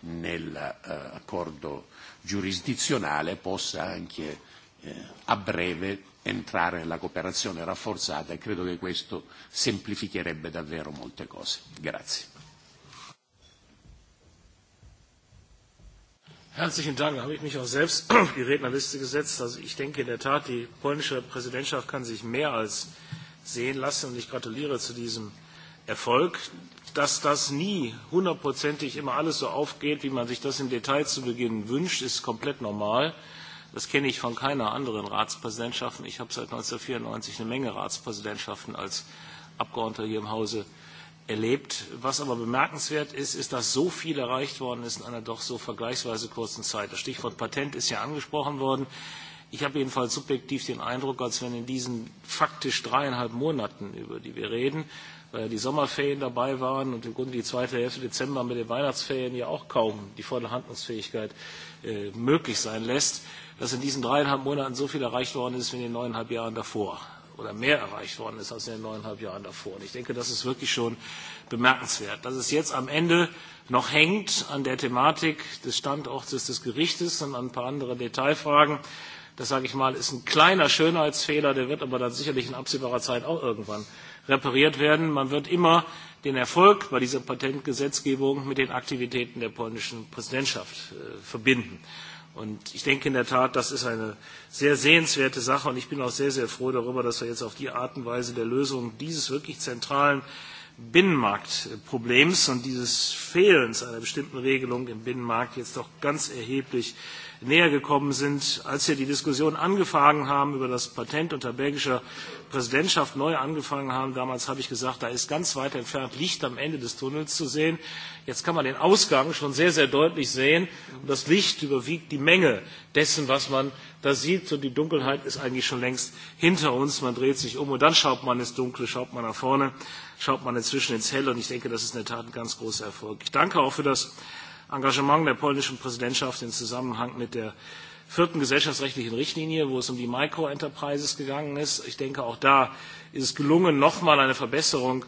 nell'accordo giurisdizionale possa anche eh, a breve entrare nella cooperazione rafforzata e credo che questo semplificherebbe davvero molte cose. Grazie. Herzlichen Dank. Da habe ich mich auch selbst auf die Rednerliste gesetzt. Also ich denke in der Tat, die polnische Präsidentschaft kann sich mehr als sehen lassen und ich gratuliere zu diesem Erfolg dass das nie hundertprozentig immer alles so aufgeht, wie man sich das im Detail zu Beginn wünscht, ist komplett normal. Das kenne ich von keiner anderen Ratspräsidentschaft. Ich habe seit 1994 eine Menge Ratspräsidentschaften als Abgeordneter hier im Hause erlebt. Was aber bemerkenswert ist, ist, dass so viel erreicht worden ist in einer doch so vergleichsweise kurzen Zeit. Das Stichwort Patent ist ja angesprochen worden. Ich habe jedenfalls subjektiv den Eindruck, als wenn in diesen faktisch dreieinhalb Monaten, über die wir reden, die Sommerferien dabei waren und im Grunde die zweite Hälfte Dezember mit den Weihnachtsferien ja auch kaum die volle Handlungsfähigkeit möglich sein lässt, dass in diesen dreieinhalb Monaten so viel erreicht worden ist wie in den neuneinhalb Jahren davor oder mehr erreicht worden ist als in den neuneinhalb Jahren davor. ich denke, das ist wirklich schon bemerkenswert. Dass es jetzt am Ende noch hängt an der Thematik des Standortes des Gerichtes und an ein paar anderen Detailfragen, das sage ich mal, ist ein kleiner Schönheitsfehler, der wird aber dann sicherlich in absehbarer Zeit auch irgendwann repariert werden. Man wird immer den Erfolg bei dieser Patentgesetzgebung mit den Aktivitäten der polnischen Präsidentschaft verbinden. Und ich denke in der Tat, das ist eine sehr sehenswerte Sache und ich bin auch sehr, sehr froh darüber, dass wir jetzt auf die Art und Weise der Lösung dieses wirklich zentralen Binnenmarktproblems und dieses Fehlens einer bestimmten Regelung im Binnenmarkt jetzt doch ganz erheblich näher gekommen sind, als wir die Diskussion angefangen haben über das Patent unter belgischer Präsidentschaft neu angefangen haben. Damals habe ich gesagt, da ist ganz weit entfernt Licht am Ende des Tunnels zu sehen. Jetzt kann man den Ausgang schon sehr, sehr deutlich sehen. Und das Licht überwiegt die Menge dessen, was man da sieht. Und die Dunkelheit ist eigentlich schon längst hinter uns. Man dreht sich um und dann schaut man ins Dunkle, schaut man nach vorne, schaut man inzwischen ins Helle. Und ich denke, das ist in der Tat ein ganz großer Erfolg. Ich danke auch für das Engagement der polnischen Präsidentschaft im Zusammenhang mit der vierten gesellschaftsrechtlichen Richtlinie, wo es um die Microenterprises gegangen ist. Ich denke, auch da ist es gelungen, nochmal eine Verbesserung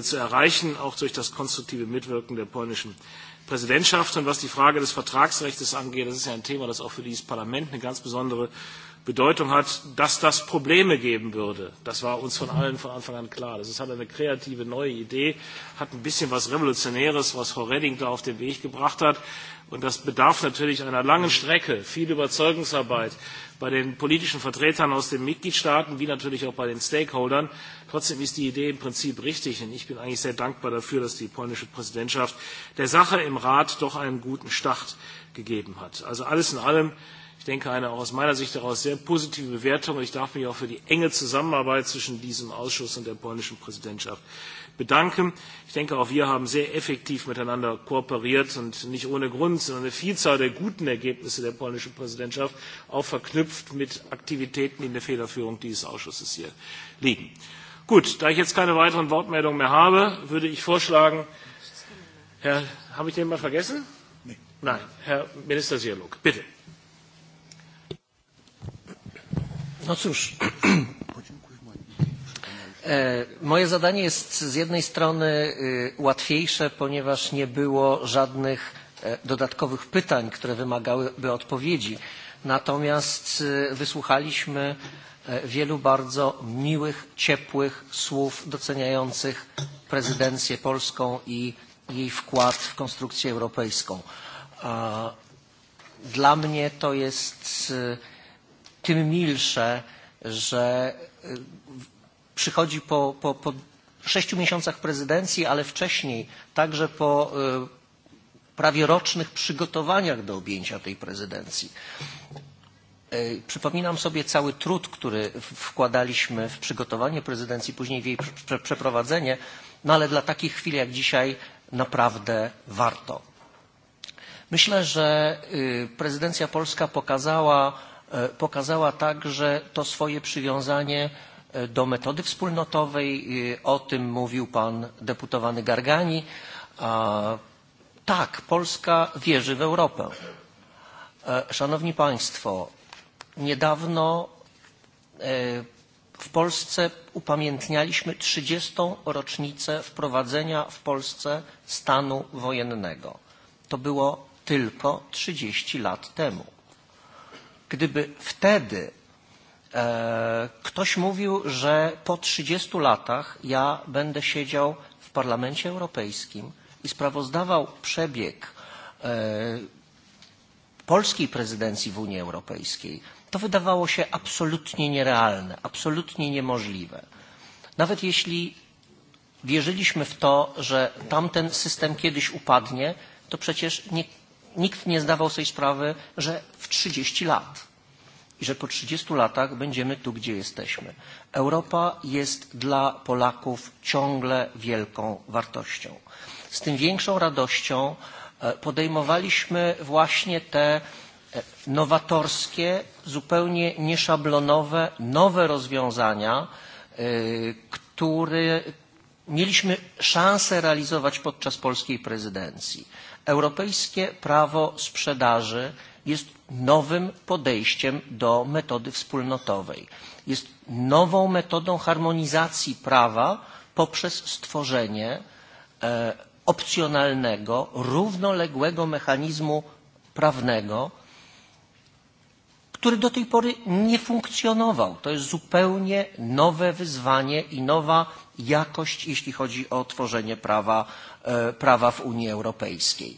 zu erreichen, auch durch das konstruktive Mitwirken der polnischen Präsidentschaft. Und was die Frage des Vertragsrechts angeht, das ist ja ein Thema, das auch für dieses Parlament eine ganz besondere Bedeutung hat, dass das Probleme geben würde. Das war uns von allen von Anfang an klar. Das ist halt eine kreative neue Idee, hat ein bisschen was Revolutionäres, was Frau Redding da auf den Weg gebracht hat. Und das bedarf natürlich einer langen Strecke, viel Überzeugungsarbeit bei den politischen Vertretern aus den Mitgliedstaaten wie natürlich auch bei den Stakeholdern. Trotzdem ist die Idee im Prinzip richtig und ich bin eigentlich sehr dankbar dafür, dass die polnische Präsidentschaft der Sache im Rat doch einen guten Start gegeben hat. Also alles in allem ich denke, eine aus meiner Sicht heraus sehr positive Bewertung. Ich darf mich auch für die enge Zusammenarbeit zwischen diesem Ausschuss und der polnischen Präsidentschaft bedanken. Ich denke, auch wir haben sehr effektiv miteinander kooperiert und nicht ohne Grund, sondern eine Vielzahl der guten Ergebnisse der polnischen Präsidentschaft auch verknüpft mit Aktivitäten in der Federführung dieses Ausschusses hier liegen. Gut, da ich jetzt keine weiteren Wortmeldungen mehr habe, würde ich vorschlagen, Herr, habe ich den mal vergessen? Nein, Herr Minister Sierluk, bitte. No cóż, moje zadanie jest z jednej strony łatwiejsze, ponieważ nie było żadnych dodatkowych pytań, które wymagałyby odpowiedzi. Natomiast wysłuchaliśmy wielu bardzo miłych, ciepłych słów doceniających prezydencję polską i jej wkład w konstrukcję europejską. Dla mnie to jest tym milsze, że przychodzi po, po, po sześciu miesiącach prezydencji, ale wcześniej także po prawie rocznych przygotowaniach do objęcia tej prezydencji. Przypominam sobie cały trud, który wkładaliśmy w przygotowanie prezydencji, później w jej przeprowadzenie, no ale dla takich chwil jak dzisiaj naprawdę warto. Myślę, że prezydencja polska pokazała pokazała także to swoje przywiązanie do metody wspólnotowej. O tym mówił pan deputowany Gargani. Tak, Polska wierzy w Europę. Szanowni Państwo, niedawno w Polsce upamiętnialiśmy 30. rocznicę wprowadzenia w Polsce stanu wojennego. To było tylko 30 lat temu. Gdyby wtedy ktoś mówił, że po 30 latach ja będę siedział w Parlamencie Europejskim i sprawozdawał przebieg polskiej prezydencji w Unii Europejskiej, to wydawało się absolutnie nierealne, absolutnie niemożliwe. Nawet jeśli wierzyliśmy w to, że tamten system kiedyś upadnie, to przecież nie nikt nie zdawał sobie sprawy, że w 30 lat i że po 30 latach będziemy tu, gdzie jesteśmy. Europa jest dla Polaków ciągle wielką wartością. Z tym większą radością podejmowaliśmy właśnie te nowatorskie, zupełnie nieszablonowe, nowe rozwiązania, które mieliśmy szansę realizować podczas polskiej prezydencji. Europejskie prawo sprzedaży jest nowym podejściem do metody wspólnotowej. Jest nową metodą harmonizacji prawa poprzez stworzenie opcjonalnego, równoległego mechanizmu prawnego, który do tej pory nie funkcjonował. To jest zupełnie nowe wyzwanie i nowa jakość, jeśli chodzi o tworzenie prawa prawa w Unii Europejskiej.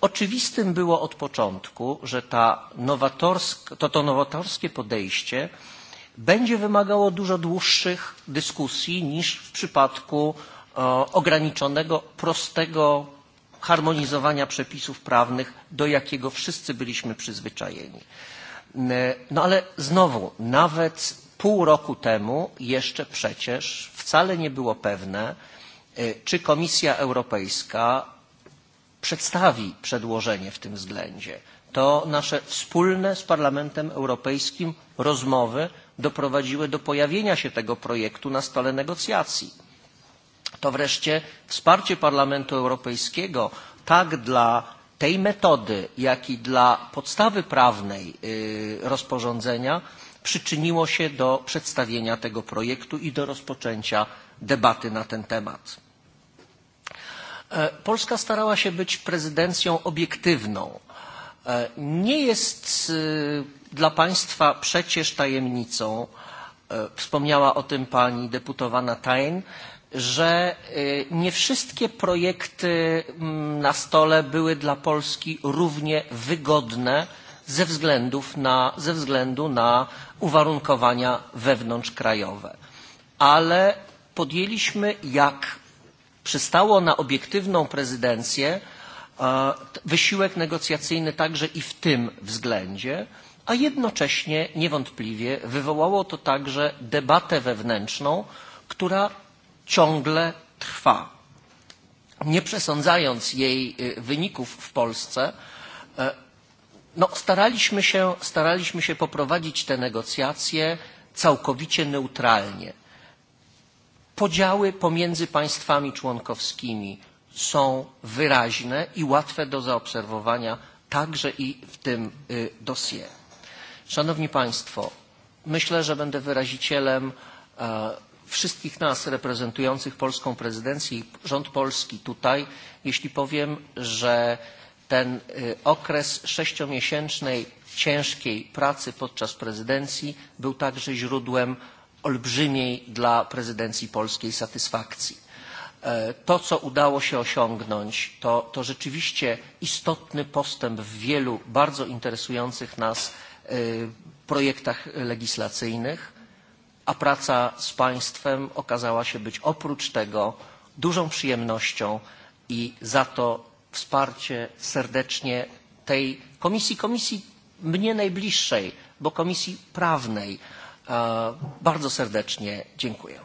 Oczywistym było od początku, że ta to, to nowatorskie podejście będzie wymagało dużo dłuższych dyskusji niż w przypadku ograniczonego, prostego harmonizowania przepisów prawnych, do jakiego wszyscy byliśmy przyzwyczajeni. No ale znowu, nawet pół roku temu jeszcze przecież wcale nie było pewne, Czy Komisja Europejska przedstawi przedłożenie w tym względzie? To nasze wspólne z Parlamentem Europejskim rozmowy doprowadziły do pojawienia się tego projektu na stole negocjacji. To wreszcie wsparcie Parlamentu Europejskiego tak dla tej metody, jak i dla podstawy prawnej rozporządzenia przyczyniło się do przedstawienia tego projektu i do rozpoczęcia debaty na ten temat. Polska starała się być prezydencją obiektywną. Nie jest dla państwa przecież tajemnicą, wspomniała o tym pani deputowana Tain, że nie wszystkie projekty na stole były dla Polski równie wygodne ze, względów na, ze względu na uwarunkowania wewnątrzkrajowe. Ale podjęliśmy, jak przystało na obiektywną prezydencję wysiłek negocjacyjny także i w tym względzie, a jednocześnie niewątpliwie wywołało to także debatę wewnętrzną, która ciągle trwa. Nie przesądzając jej wyników w Polsce, no, staraliśmy, się, staraliśmy się poprowadzić te negocjacje całkowicie neutralnie – Podziały pomiędzy państwami członkowskimi są wyraźne i łatwe do zaobserwowania także i w tym dosie. Szanowni Państwo, myślę, że będę wyrazicielem wszystkich nas reprezentujących polską prezydencję i rząd polski tutaj, jeśli powiem, że ten okres sześciomiesięcznej ciężkiej pracy podczas prezydencji był także źródłem olbrzymiej dla prezydencji polskiej satysfakcji. To, co udało się osiągnąć, to, to rzeczywiście istotny postęp w wielu bardzo interesujących nas projektach legislacyjnych, a praca z państwem okazała się być oprócz tego dużą przyjemnością i za to wsparcie serdecznie tej komisji, komisji mnie najbliższej, bo komisji prawnej, Bardzo serdecznie dziękuję.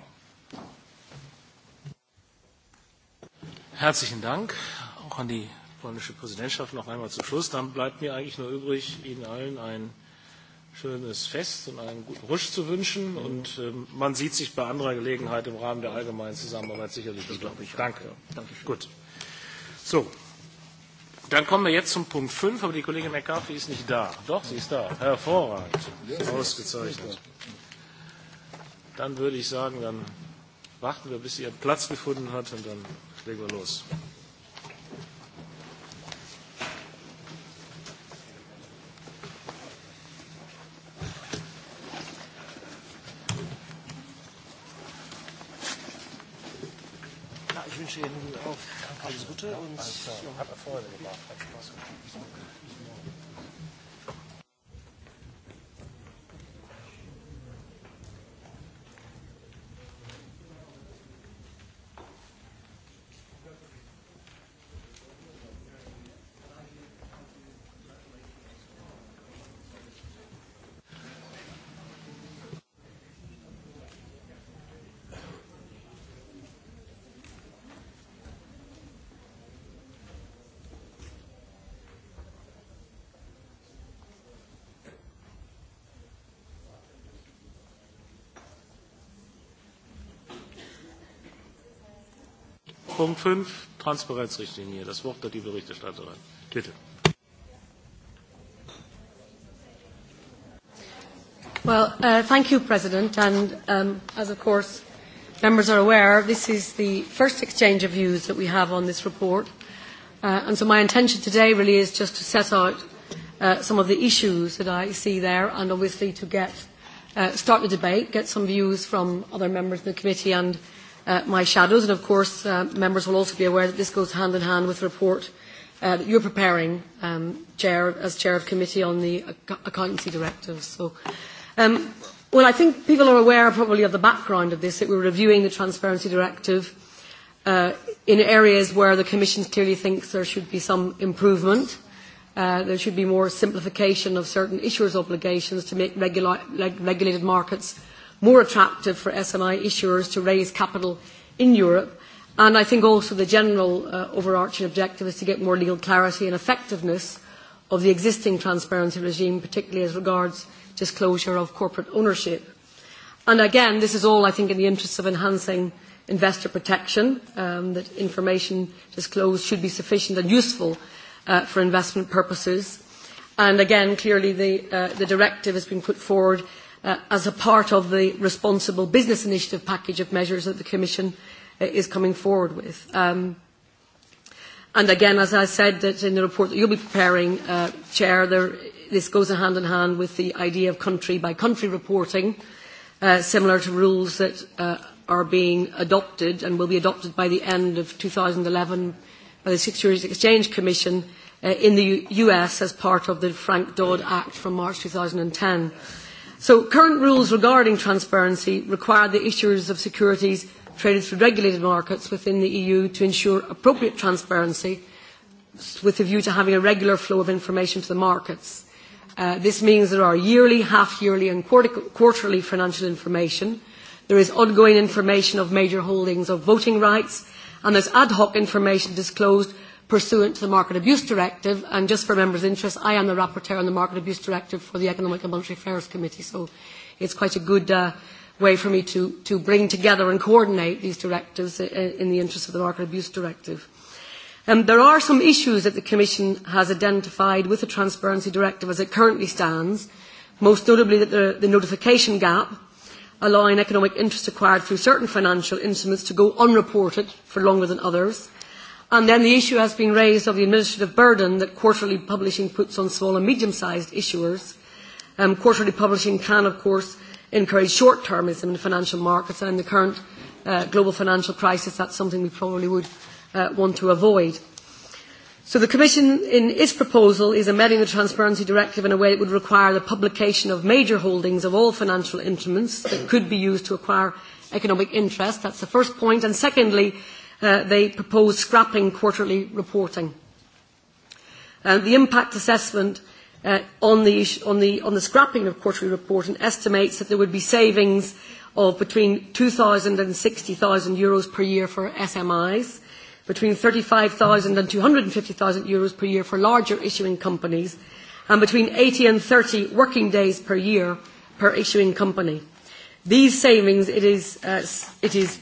Herzlichen Dank auch an die polnische Präsidentschaft noch einmal zum Schluss. Dann bleibt mir eigentlich nur übrig, Ihnen allen ein schönes Fest und einen guten Rutsch zu wünschen. Und äh, man sieht sich bei anderer Gelegenheit im Rahmen der allgemeinen Zusammenarbeit sicherlich ich Danke. Danke. Gut. So. Dann kommen wir jetzt zum Punkt 5, aber die Kollegin McCarthy ist nicht da. Doch, sie ist da. Hervorragend. Ausgezeichnet. Dann würde ich sagen, dann warten wir, bis sie ihren Platz gefunden hat und dann legen wir los. wünsche Ihnen auch alles Gute und ja, Punkt 5, Transparenzrichtlinie. Das Wort hat die Berichterstatterin. Bitte. Well, uh, thank you, President. And um, as of course members are aware, this is the first exchange of views that we have on this report. Uh, and so my intention today really is just to set out uh, some of the issues that I see there and obviously to get, uh, start the debate, get some views from other members of the committee and uh, my shadows. And of course, uh, members will also be aware that this goes hand in hand with the report uh, that you're preparing um, chair, as chair of committee on the accountancy directive. So, um, well, I think people are aware probably of the background of this, that we're reviewing the transparency directive uh, in areas where the Commission clearly thinks there should be some improvement. Uh, there should be more simplification of certain issuers' obligations to make regula- regulated markets more attractive for SMI issuers to raise capital in Europe. And I think also the general uh, overarching objective is to get more legal clarity and effectiveness of the existing transparency regime, particularly as regards disclosure of corporate ownership. And again, this is all, I think, in the interests of enhancing investor protection, um, that information disclosed should be sufficient and useful uh, for investment purposes. And again, clearly the, uh, the directive has been put forward as a part of the Responsible Business Initiative package of measures that the Commission is coming forward with. and again, as I said that in the report that you'll be preparing, uh, Chair, there, this goes hand in hand with the idea of country-by-country reporting, similar to rules that are being adopted and will be adopted by the end of 2011 by the Securities Exchange Commission in the US as part of the Frank Dodd Act from March 2010. So current rules regarding transparency require the issuers of securities traded through regulated markets within the EU to ensure appropriate transparency with a view to having a regular flow of information to the markets. this means there are yearly, half-yearly and quarterly financial information. There is ongoing information of major holdings of voting rights and there is ad hoc information disclosed pursuant to the Market Abuse Directive. And just for members' interest, I am the rapporteur on the Market Abuse Directive for the Economic and Monetary Affairs Committee, so it's quite a good uh, way for me to, to bring together and coordinate these directives in the interest of the Market Abuse Directive. Um, there are some issues that the Commission has identified with the Transparency Directive as it currently stands, most notably that the, the notification gap, allowing economic interest acquired through certain financial instruments to go unreported for longer than others, And then the issue has been raised of the administrative burden that quarterly publishing puts on small and medium-sized issuers. Um, quarterly publishing can, of course, encourage short-termism in financial markets, and in the current uh, global financial crisis, that's something we probably would uh, want to avoid. So the Commission, in its proposal, is amending the Transparency Directive in a way that would require the publication of major holdings of all financial instruments that could be used to acquire economic interest. That's the first point. And secondly, they propose scrapping quarterly reporting. the impact assessment on, the, scrapping of quarterly reporting estimates that there would be savings of between €2,000 and €60,000 per year for SMIs, between €35,000 and €250,000 per year for larger issuing companies, and between 80 and thirty working days per year per issuing company. These savings, it is it is,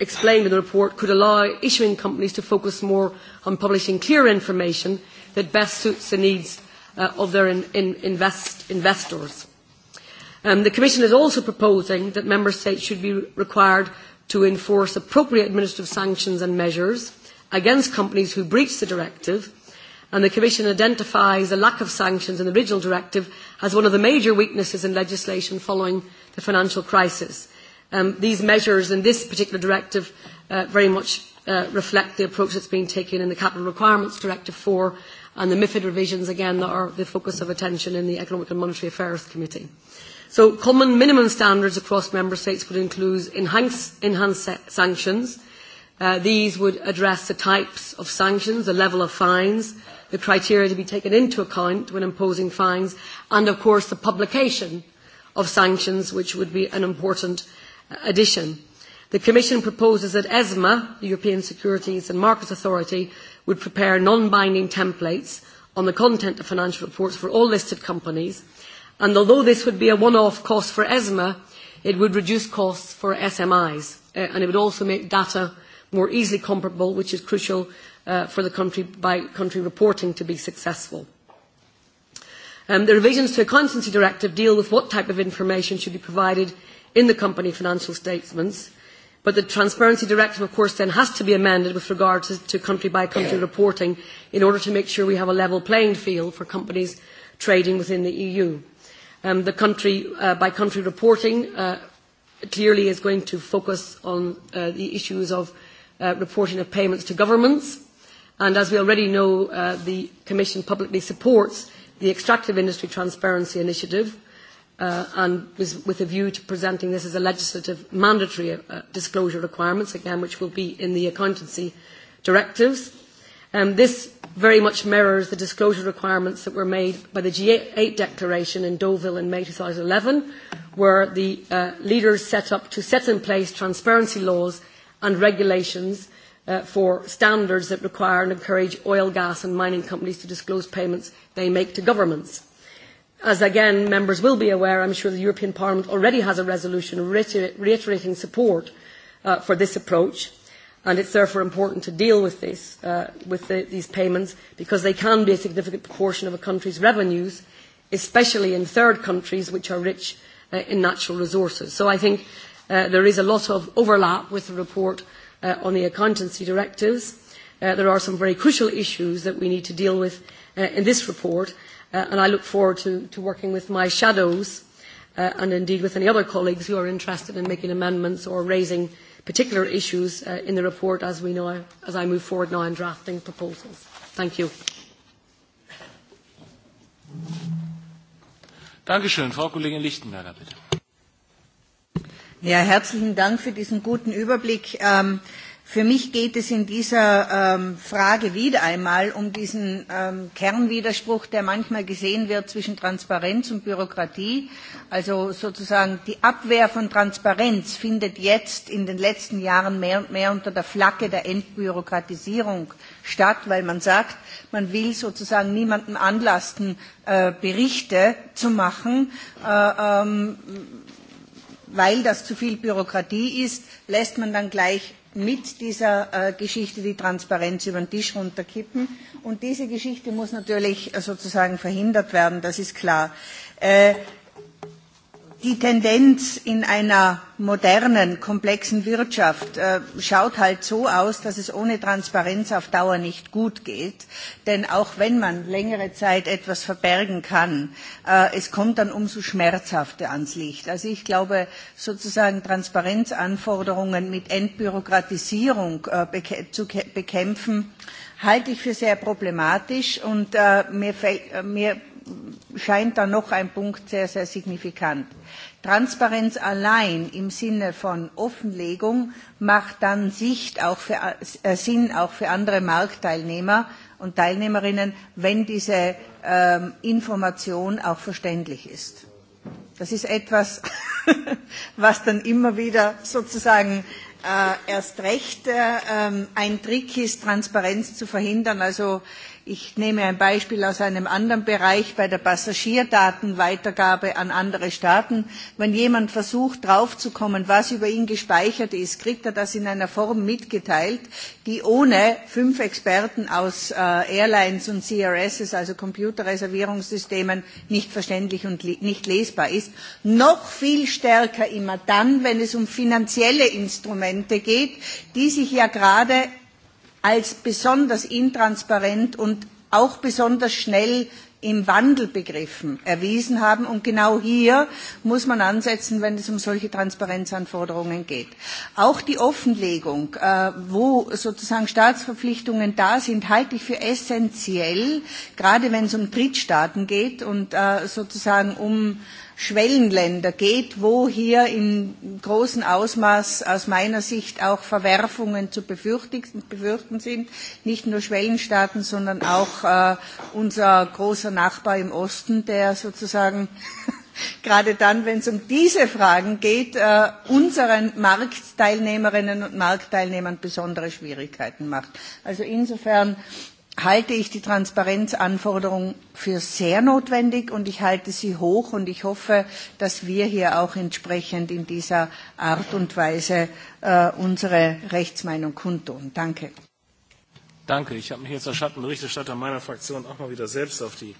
explained in the report could allow issuing companies to focus more on publishing clear information that best suits the needs of their investors. the Commission is also proposing that Member States should be required to enforce appropriate administrative sanctions and measures against companies who breach the directive and the Commission identifies a lack of sanctions in the original directive as one of the major weaknesses in legislation following the financial crisis. Um, these measures in this particular directive uh, very much uh, reflect the approach that's being taken in the Capital Requirements Directive 4 and the MIFID revisions, again, that are the focus of attention in the Economic and Monetary Affairs Committee. So common minimum standards across member states would include enhanced, enhanced sanctions. Uh, these would address the types of sanctions, the level of fines, the criteria to be taken into account when imposing fines, and of course the publication of sanctions, which would be an important addition, the Commission proposes that ESMA, the European Securities and Markets Authority, would prepare non-binding templates on the content of financial reports for all listed companies. And although this would be a one-off cost for ESMA, it would reduce costs for SMIs, and it would also make data more easily comparable, which is crucial for the country-by-country reporting to be successful. the revisions to the Accountancy Directive deal with what type of information should be provided in the company financial statements. But the Transparency Directive, of course, then has to be amended with regard to country-by-country reporting in order to make sure we have a level playing field for companies trading within the EU. the country-by-country reporting clearly is going to focus on the issues of reporting of payments to governments. And as we already know, the Commission publicly supports the Extractive Industry Transparency Initiative, uh, and with a view to presenting this as a legislative mandatory uh, disclosure requirements, again, which will be in the accountancy directives. Um, this very much mirrors the disclosure requirements that were made by the G8 declaration in Deauville in May 2011, where the uh, leaders set up to set in place transparency laws and regulations uh, for standards that require and encourage oil, gas and mining companies to disclose payments they make to governments. As again, members will be aware, I am sure the European Parliament already has a resolution reiterating support for this approach, and it is therefore important to deal with, this, with these payments because they can be a significant proportion of a country's revenues, especially in third countries which are rich in natural resources. So I think there is a lot of overlap with the report on the accountancy directives. there are some very crucial issues that we need to deal with in this report, and I look forward to, to working with my shadows uh, and indeed with any other colleagues who are interested in making amendments or raising particular issues uh, in the report as, we as I move forward now in drafting proposals. Thank you. Dankeschön. Frau Kollegin Lichtenberger, bitte. Ja, herzlichen Dank für diesen guten Überblick. Ähm, Für mich geht es in dieser ähm, Frage wieder einmal um diesen ähm, Kernwiderspruch, der manchmal gesehen wird zwischen Transparenz und Bürokratie. Also sozusagen die Abwehr von Transparenz findet jetzt in den letzten Jahren mehr und mehr unter der Flagge der Entbürokratisierung statt, weil man sagt, man will sozusagen niemanden anlasten, äh, Berichte zu machen. Äh, ähm, weil das zu viel Bürokratie ist, lässt man dann gleich mit dieser Geschichte die Transparenz über den Tisch runterkippen. Und diese Geschichte muss natürlich sozusagen verhindert werden, das ist klar die Tendenz in einer modernen, komplexen Wirtschaft schaut halt so aus, dass es ohne Transparenz auf Dauer nicht gut geht. Denn auch wenn man längere Zeit etwas verbergen kann, es kommt dann umso schmerzhafter ans Licht. Also ich glaube, sozusagen Transparenzanforderungen mit Entbürokratisierung zu bekämpfen, halte ich für sehr problematisch und mir scheint da noch ein Punkt sehr, sehr signifikant. Transparenz allein im Sinne von Offenlegung macht dann Sicht auch für, äh, Sinn auch für andere Marktteilnehmer und Teilnehmerinnen, wenn diese ähm, Information auch verständlich ist. Das ist etwas, was dann immer wieder sozusagen äh, erst recht äh, ein Trick ist, Transparenz zu verhindern. Also Ich nehme ein Beispiel aus einem anderen Bereich bei der Passagierdatenweitergabe an andere Staaten. Wenn jemand versucht, draufzukommen, was über ihn gespeichert ist, kriegt er das in einer Form mitgeteilt, die ohne fünf Experten aus Airlines und CRSs, also Computerreservierungssystemen, nicht verständlich und nicht lesbar ist. Noch viel stärker immer dann, wenn es um finanzielle Instrumente geht, die sich ja gerade als besonders intransparent und auch besonders schnell im Wandel begriffen, erwiesen haben. Und genau hier muss man ansetzen, wenn es um solche Transparenzanforderungen geht. Auch die Offenlegung, wo sozusagen Staatsverpflichtungen da sind, halte ich für essentiell, gerade wenn es um Drittstaaten geht und sozusagen um äh, Schwellenländer geht, wo hier in großem Ausmaß aus meiner Sicht auch Verwerfungen zu befürchten sind. Nicht nur Schwellenstaaten, sondern auch äh, unser großer Nachbar im Osten, der sozusagen gerade dann, wenn es um diese Fragen geht, äh, unseren Marktteilnehmerinnen und Marktteilnehmern besondere Schwierigkeiten macht. Also insofern halte ich die Transparenzanforderung für sehr notwendig und ich halte sie hoch und ich hoffe, dass wir hier auch entsprechend in dieser Art und Weise äh, unsere Rechtsmeinung kundtun. Danke. Danke. Ich habe mich jetzt als Schattenberichterstatter meiner Fraktion auch mal wieder selbst auf die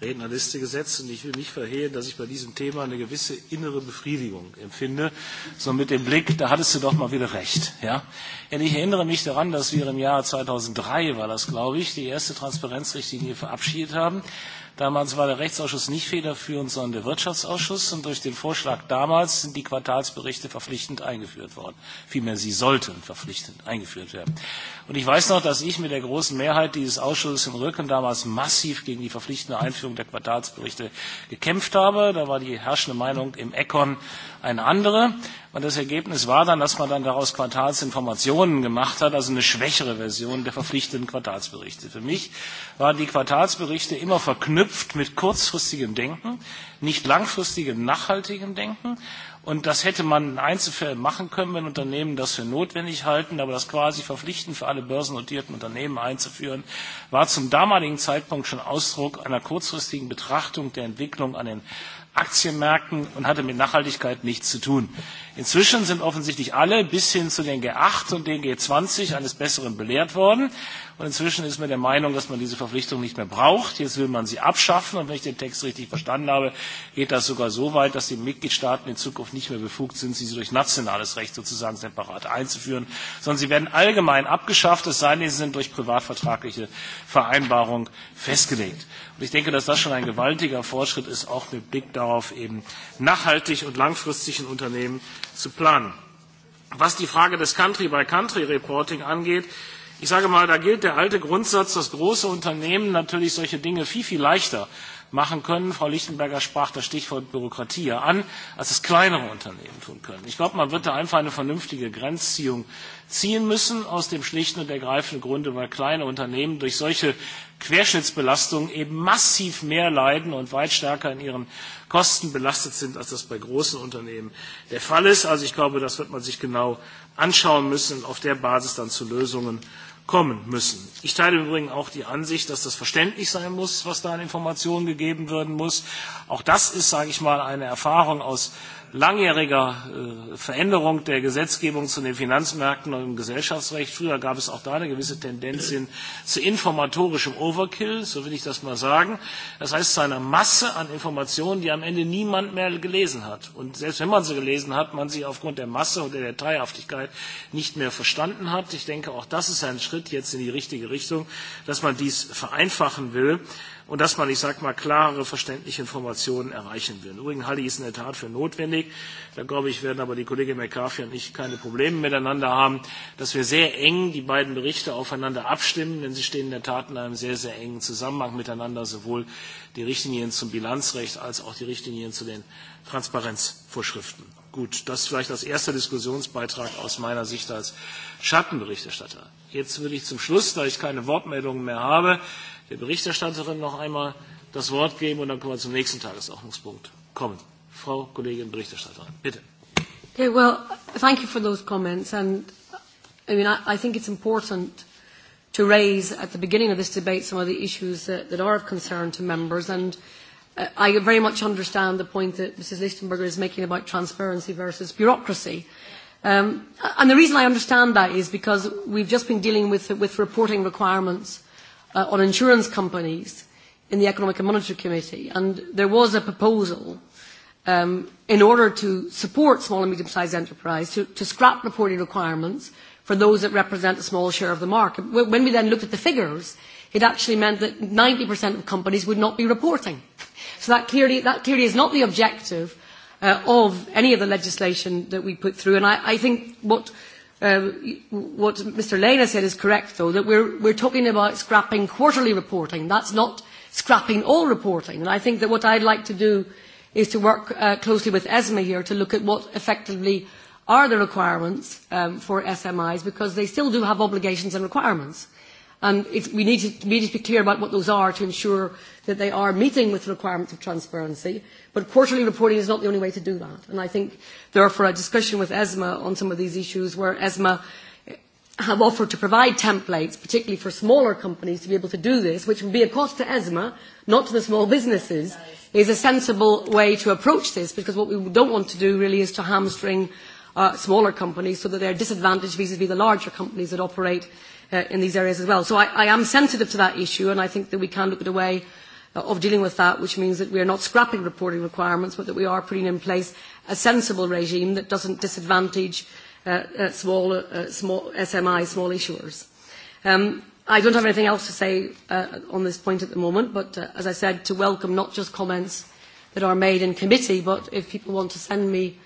Rednerliste gesetzt. Und ich will nicht verhehlen, dass ich bei diesem Thema eine gewisse innere Befriedigung empfinde. So mit dem Blick, da hattest du doch mal wieder recht. Ja? Denn ich erinnere mich daran, dass wir im Jahr 2003, war das glaube ich, die erste Transparenzrichtlinie verabschiedet haben. Damals war der Rechtsausschuss nicht federführend, sondern der Wirtschaftsausschuss. Und durch den Vorschlag damals sind die Quartalsberichte verpflichtend eingeführt worden. Vielmehr, sie sollten verpflichtend eingeführt werden. Und ich weiß noch, dass ich mit der großen Mehrheit dieses Ausschusses im Rücken damals massiv gegen die verpflichtende Einführung der Quartalsberichte gekämpft habe. Da war die herrschende Meinung im ECON eine andere. Und das Ergebnis war dann, dass man dann daraus Quartalsinformationen gemacht hat, also eine schwächere Version der verpflichtenden Quartalsberichte. Für mich waren die Quartalsberichte immer verknüpft mit kurzfristigem Denken, nicht langfristigem, nachhaltigem Denken. Und das hätte man in Einzelfällen machen können, wenn Unternehmen das für notwendig halten. Aber das quasi verpflichtend für alle börsennotierten Unternehmen einzuführen, war zum damaligen Zeitpunkt schon Ausdruck einer kurzfristigen Betrachtung der Entwicklung an den Aktienmärkten und hatte mit Nachhaltigkeit nichts zu tun. Inzwischen sind offensichtlich alle bis hin zu den G8 und den G20 eines Besseren belehrt worden. Und inzwischen ist man der Meinung, dass man diese Verpflichtung nicht mehr braucht. Jetzt will man sie abschaffen. Und wenn ich den Text richtig verstanden habe, geht das sogar so weit, dass die Mitgliedstaaten in Zukunft nicht mehr befugt sind, sie durch nationales Recht sozusagen separat einzuführen, sondern sie werden allgemein abgeschafft, es sei denn, sie sind durch privatvertragliche Vereinbarung festgelegt. Und ich denke, dass das schon ein gewaltiger Fortschritt ist, auch mit Blick darauf, eben nachhaltig und langfristig in Unternehmen zu planen. Was die Frage des Country-by-Country-Reporting angeht, Ich sage mal, da gilt der alte Grundsatz, dass große Unternehmen natürlich solche Dinge viel, viel leichter machen können. Frau Lichtenberger sprach das Stichwort Bürokratie an, als es kleinere Unternehmen tun können. Ich glaube, man wird da einfach eine vernünftige Grenzziehung ziehen müssen, aus dem schlichten und ergreifenden Grunde, weil kleine Unternehmen durch solche Querschnittsbelastungen eben massiv mehr leiden und weit stärker in ihren Kosten belastet sind, als das bei großen Unternehmen der Fall ist. Also ich glaube, das wird man sich genau anschauen müssen und auf der Basis dann zu Lösungen kommen müssen. Ich teile im Übrigen auch die Ansicht, dass das verständlich sein muss, was da an Informationen gegeben werden muss. Auch das ist, sage ich mal, eine Erfahrung aus langjähriger Veränderung der Gesetzgebung zu den Finanzmärkten und im Gesellschaftsrecht. Früher gab es auch da eine gewisse Tendenz hin zu informatorischem Overkill, so will ich das mal sagen. Das heißt zu einer Masse an Informationen, die am Ende niemand mehr gelesen hat. Und selbst wenn man sie gelesen hat, man sie aufgrund der Masse und der Teilhaftigkeit nicht mehr verstanden hat. Ich denke, auch das ist ein Schritt jetzt in die richtige Richtung, dass man dies vereinfachen will und dass man, ich sage mal, klare, verständliche Informationen erreichen will. Im Übrigen halte ich es in der Tat für notwendig. Da glaube ich, werden aber die Kollegin McCarthy und ich keine Probleme miteinander haben, dass wir sehr eng die beiden Berichte aufeinander abstimmen, denn sie stehen in der Tat in einem sehr, sehr engen Zusammenhang miteinander, sowohl die Richtlinien zum Bilanzrecht als auch die Richtlinien zu den Transparenzvorschriften. Gut, das ist vielleicht als erster Diskussionsbeitrag aus meiner Sicht als Schattenberichterstatter. Jetzt würde ich zum Schluss, da ich keine Wortmeldungen mehr habe, der Berichterstatterin noch einmal das Wort geben und dann können wir zum nächsten Tagesordnungspunkt kommen. Frau Kollegin Berichterstatterin, bitte. Okay, well, thank you for those comments. And I mean, I, I think it's important to raise at the beginning of this debate some of the issues that, that are of concern to members. And uh, I very much understand the point that Mrs. Lichtenberger is making about transparency versus bureaucracy. Um, and the reason I understand that is because we've just been dealing with, with reporting requirements uh, on insurance companies in the Economic and Monetary Committee. And there was a proposal um, in order to support small and medium-sized enterprise to, to scrap reporting requirements – for those that represent a small share of the market. When we then looked at the figures, it actually meant that 90% of companies would not be reporting. So that clearly, that clearly is not the objective uh, of any of the legislation that we put through. And I, I think what, uh, what Mr. Lena said is correct, though, that we're, we're talking about scrapping quarterly reporting. That's not scrapping all reporting. And I think that what I'd like to do is to work uh, closely with ESMA here to look at what effectively are the requirements um, for SMIs because they still do have obligations and requirements. And it's, we need to, we need to be clear about what those are to ensure that they are meeting with the requirements of transparency. But quarterly reporting is not the only way to do that. And I think, therefore, a discussion with ESMA on some of these issues where ESMA have offered to provide templates, particularly for smaller companies, to be able to do this, which would be a cost to ESMA, not to the small businesses, is a sensible way to approach this because what we don't want to do really is to hamstring uh, smaller companies so that they are disadvantaged vis-à-vis the larger companies that operate uh, in these areas as well. So I, I am sensitive to that issue and I think that we can look at a way of dealing with that, which means that we are not scrapping reporting requirements, but that we are putting in place a sensible regime that doesn't disadvantage uh, uh, small, uh, small SMI, small issuers. Um, I don't have anything else to say uh, on this point at the moment, but uh, as I said, to welcome not just comments that are made in committee, but if people want to send me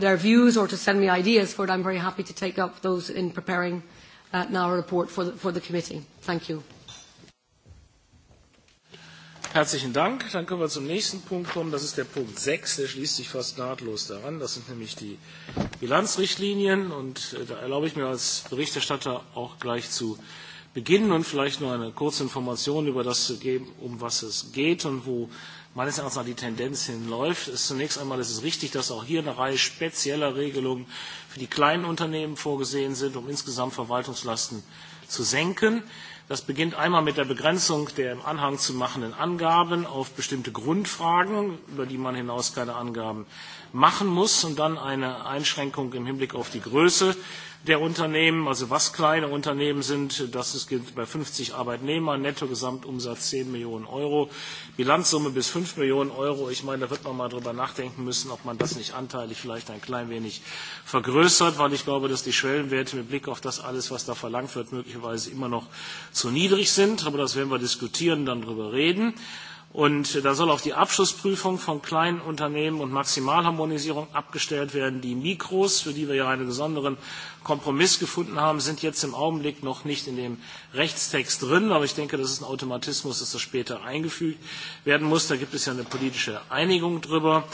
their views or to send me ideas for it, I'm very happy to take up those in preparing uh, now a report for the, for the committee. Thank you. Herzlichen Dank. Dann können wir zum nächsten Punkt kommen. Das ist der Punkt 6. Der schließt sich fast nahtlos daran. Das sind nämlich die Bilanzrichtlinien. Und da erlaube ich mir als Berichterstatter auch gleich zu beginnen und vielleicht nur eine kurze Information über das zu geben, um was es geht und wo meines Erachtens nach die Tendenz hinläuft, ist zunächst einmal, es richtig, dass auch hier eine Reihe spezieller Regelungen für die kleinen Unternehmen vorgesehen sind, um insgesamt Verwaltungslasten zu senken. Das beginnt einmal mit der Begrenzung der im Anhang zu machenden Angaben auf bestimmte Grundfragen, über die man hinaus keine Angaben machen muss, und dann eine Einschränkung im Hinblick auf die Größe der Unternehmen, also was kleine Unternehmen sind, das gilt bei 50 Arbeitnehmern, Netto-Gesamtumsatz 10 Millionen Euro, Bilanzsumme bis 5 Millionen Euro. Ich meine, da wird man mal drüber nachdenken müssen, ob man das nicht anteilig vielleicht ein klein wenig vergrößert, weil ich glaube, dass die Schwellenwerte mit Blick auf das alles, was da verlangt wird, möglicherweise immer noch zu niedrig sind. Aber das werden wir diskutieren, dann darüber reden. Und da soll auch die Abschlussprüfung von kleinen Unternehmen und Maximalharmonisierung abgestellt werden. Die Mikros, für die wir ja einen besonderen Kompromiss gefunden haben, sind jetzt im Augenblick noch nicht in dem Rechtstext drin. Aber ich denke, das ist ein Automatismus, dass das später eingefügt werden muss. Da gibt es ja eine politische Einigung drüber.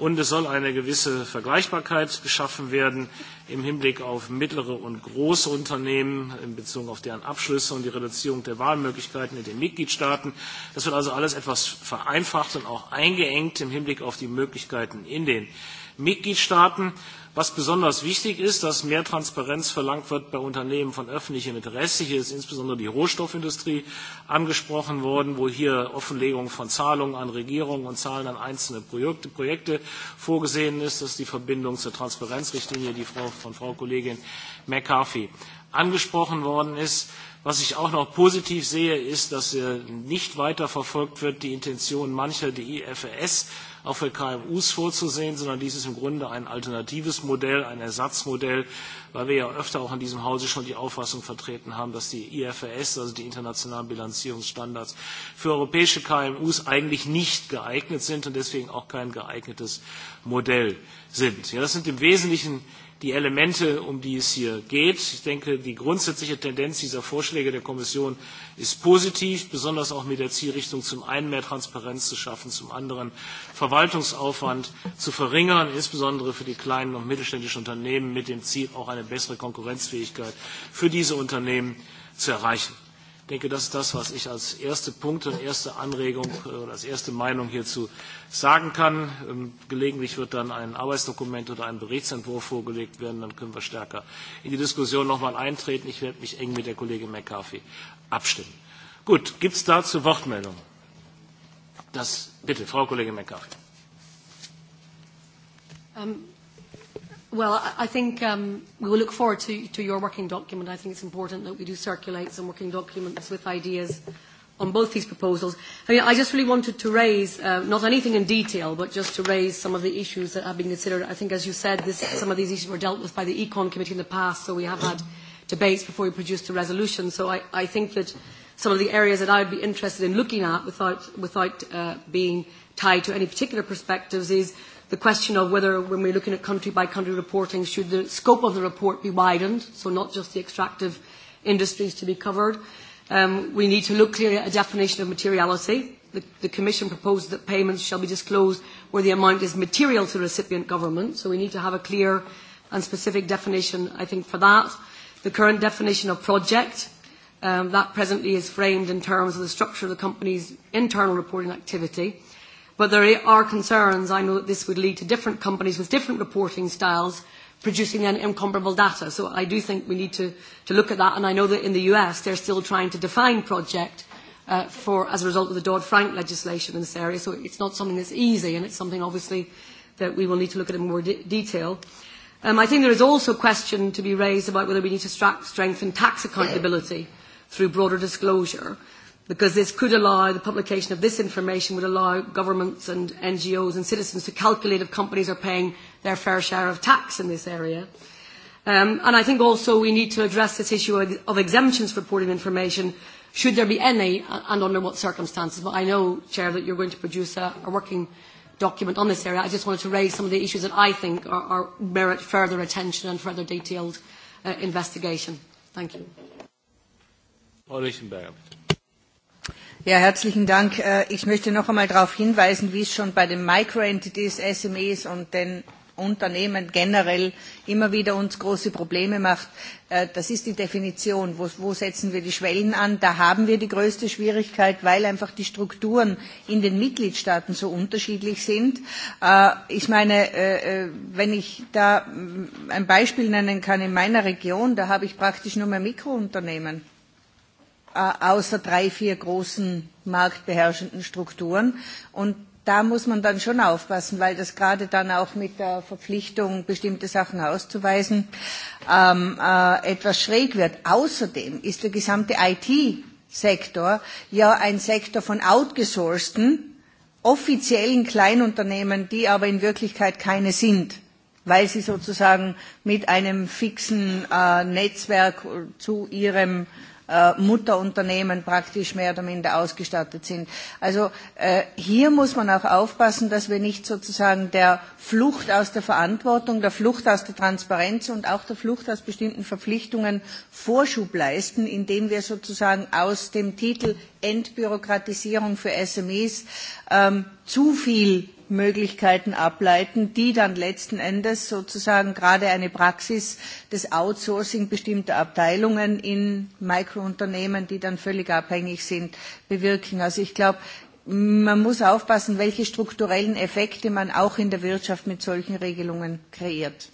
Und es soll eine gewisse Vergleichbarkeit geschaffen werden im Hinblick auf mittlere und große Unternehmen in Bezug auf deren Abschlüsse und die Reduzierung der Wahlmöglichkeiten in den Mitgliedstaaten. Das wird also alles etwas vereinfacht und auch eingeengt im Hinblick auf die Möglichkeiten in den Mitgliedstaaten. Was besonders wichtig ist, dass mehr Transparenz verlangt wird bei Unternehmen von öffentlichem Interesse. Hier ist insbesondere die Rohstoffindustrie angesprochen worden, wo hier Offenlegung von Zahlungen an Regierungen und Zahlen an einzelne Projekte vorgesehen ist. Das ist die Verbindung zur Transparenzrichtlinie, die von Frau Kollegin McCarthy angesprochen worden ist. Was ich auch noch positiv sehe, ist, dass nicht weiter verfolgt wird die Intention mancher, die IFRS auch für KMU vorzusehen, sondern dies ist im Grunde ein alternatives Modell, ein Ersatzmodell, weil wir ja öfter auch in diesem Hause schon die Auffassung vertreten haben, dass die IFRS, also die internationalen Bilanzierungsstandards, für europäische KMU eigentlich nicht geeignet sind und deswegen auch kein geeignetes Modell sind. das sind im Wesentlichen die Elemente, um die es hier geht. Ich denke, die grundsätzliche Tendenz dieser Vorschläge der Kommission ist positiv, besonders auch mit der Zielrichtung, zum einen mehr Transparenz zu schaffen, zum anderen Verwaltungsaufwand zu verringern, insbesondere für die kleinen und mittelständischen Unternehmen mit dem Ziel, auch eine bessere Konkurrenzfähigkeit für diese Unternehmen zu erreichen. Ich denke, das ist das, was ich als erste Punkt und erste Anregung oder als erste Meinung hierzu sagen kann. Gelegentlich wird dann ein Arbeitsdokument oder ein Berichtsentwurf vorgelegt werden. Dann können wir stärker in die Diskussion nochmal eintreten. Ich werde mich eng mit der Kollegin McCarthy abstimmen. Gut, gibt es dazu Wortmeldungen? Das bitte, Frau Kollegin McCarthy. Well, I think um, we will look forward to, to your working document. I think it's important that we do circulate some working documents with ideas on both these proposals. I mean, I just really wanted to raise, uh, not anything in detail, but just to raise some of the issues that have been considered. I think, as you said, this, some of these issues were dealt with by the Econ Committee in the past, so we have had debates before we produced the resolution. So I, I think that some of the areas that I would be interested in looking at without, without uh, being tied to any particular perspectives is – the question of whether, when we're looking at country-by-country reporting, should the scope of the report be widened, so not just the extractive industries to be covered. Um, we need to look clearly at a definition of materiality. The, the Commission proposed that payments shall be disclosed where the amount is material to the recipient government, so we need to have a clear and specific definition, I think, for that. The current definition of project, um, that presently is framed in terms of the structure of the company's internal reporting activity But there are concerns, I know that this would lead to different companies with different reporting styles producing then incomparable data. So I do think we need to, to look at that. And I know that in the US, they're still trying to define project uh, for, as a result of the Dodd-Frank legislation in this area. So it's not something that's easy, and it's something, obviously, that we will need to look at in more de detail. Um, I think there is also a question to be raised about whether we need to strengthen tax accountability through broader disclosure because this could allow the publication of this information would allow governments and NGOs and citizens to calculate if companies are paying their fair share of tax in this area. Um, and I think also we need to address this issue of, of exemptions for reporting information, should there be any, and under what circumstances. But I know, Chair, that you're going to produce a, a working document on this area. I just wanted to raise some of the issues that I think are, are merit further attention and further detailed uh, investigation. Thank you. Ja, herzlichen Dank. Ich möchte noch einmal darauf hinweisen, wie es schon bei den Microentities, SMEs und den Unternehmen generell immer wieder uns große Probleme macht. Das ist die Definition. Wo, setzen wir die Schwellen an? Da haben wir die größte Schwierigkeit, weil einfach die Strukturen in den Mitgliedstaaten so unterschiedlich sind. Ich meine, wenn ich da ein Beispiel nennen kann in meiner Region, da habe ich praktisch nur mehr Mikrounternehmen außer drei, vier großen marktbeherrschenden Strukturen. Und da muss man dann schon aufpassen, weil das gerade dann auch mit der Verpflichtung, bestimmte Sachen auszuweisen, ähm, äh, etwas schräg wird. Außerdem ist der gesamte IT-Sektor ja ein Sektor von outgesourcten, offiziellen Kleinunternehmen, die aber in Wirklichkeit keine sind weil sie sozusagen mit einem fixen äh, Netzwerk zu ihrem Mutterunternehmen praktisch mehr oder minder ausgestattet sind. Also hier muss man auch aufpassen, dass wir nicht sozusagen der Flucht aus der Verantwortung, der Flucht aus der Transparenz und auch der Flucht aus bestimmten Verpflichtungen Vorschub leisten, indem wir sozusagen aus dem Titel Entbürokratisierung für SMEs zu viel Möglichkeiten ableiten, die dann letzten Endes sozusagen gerade eine Praxis des Outsourcing bestimmter Abteilungen in Mikrounternehmen, die dann völlig abhängig sind, bewirken. Also ich glaube, man muss aufpassen, welche strukturellen Effekte man auch in der Wirtschaft mit solchen Regelungen kreiert.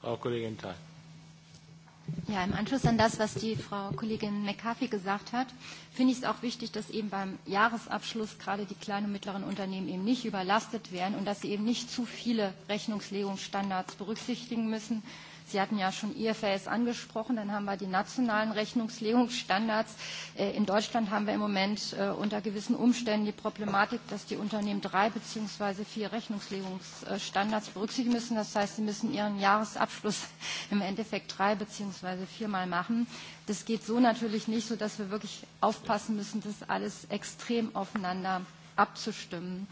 Frau Kollegin Thein. Ja, im Anschluss an das, was die Frau Kollegin McCarthy gesagt hat, finde ich es auch wichtig, dass eben beim Jahresabschluss gerade die kleinen und mittleren Unternehmen eben nicht überlastet werden und dass sie eben nicht zu viele Rechnungslegungsstandards berücksichtigen müssen, Sie hatten ja schon IFRS angesprochen. Dann haben wir die nationalen Rechnungslegungsstandards. In Deutschland haben wir im Moment unter gewissen Umständen die Problematik, dass die Unternehmen drei bzw. vier Rechnungslegungsstandards berücksichtigen müssen. Das heißt, sie müssen ihren Jahresabschluss im Endeffekt drei bzw. viermal machen. Das geht so natürlich nicht, sodass wir wirklich aufpassen müssen, das alles extrem aufeinander abzustimmen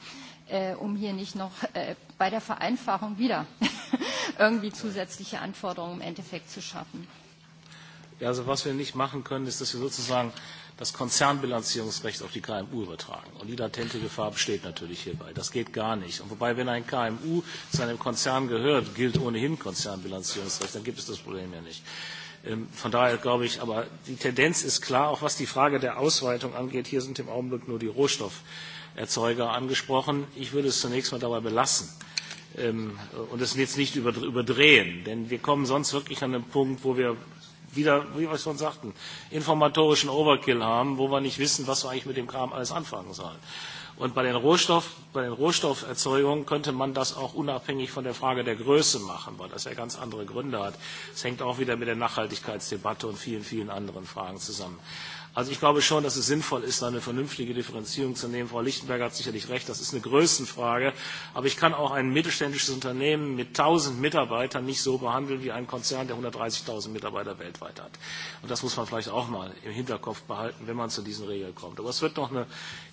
äh, um hier nicht noch äh, bei der Vereinfachung wieder irgendwie zusätzliche Anforderungen im Endeffekt zu schaffen. Ja, also was wir nicht machen können, ist, dass wir sozusagen das Konzernbilanzierungsrecht auf die KMU übertragen. Und die latente Gefahr besteht natürlich hierbei. Das geht gar nicht. Und wobei, wenn ein KMU zu einem Konzern gehört, gilt ohnehin Konzernbilanzierungsrecht, dann gibt es das Problem ja nicht. Von daher glaube ich, aber die Tendenz ist klar, auch was die Frage der Ausweitung angeht. Hier sind im Augenblick nur die Rohstoff Erzeuger angesprochen. Ich würde es zunächst mal dabei belassen und es jetzt nicht überdrehen, denn wir kommen sonst wirklich an den Punkt, wo wir wieder, wie wir schon sagten, informatorischen Overkill haben, wo wir nicht wissen, was wir eigentlich mit dem Kram alles anfangen sollen. Und bei, den Rohstoff, bei den Rohstofferzeugungen könnte man das auch unabhängig von der Frage der Größe machen, weil das ja ganz andere Gründe hat. Es hängt auch wieder mit der Nachhaltigkeitsdebatte und vielen, vielen anderen Fragen zusammen. Also ich glaube schon, dass es sinnvoll ist, eine vernünftige Differenzierung zu nehmen. Frau Lichtenberger hat sicherlich recht, das ist eine Größenfrage. Aber ich kann auch ein mittelständisches Unternehmen mit 1000 Mitarbeitern nicht so behandeln wie ein Konzern, der 130.000 Mitarbeiter weltweit hat. Und das muss man vielleicht auch mal im Hinterkopf behalten, wenn man zu diesen Regeln kommt. Aber es wird noch eine,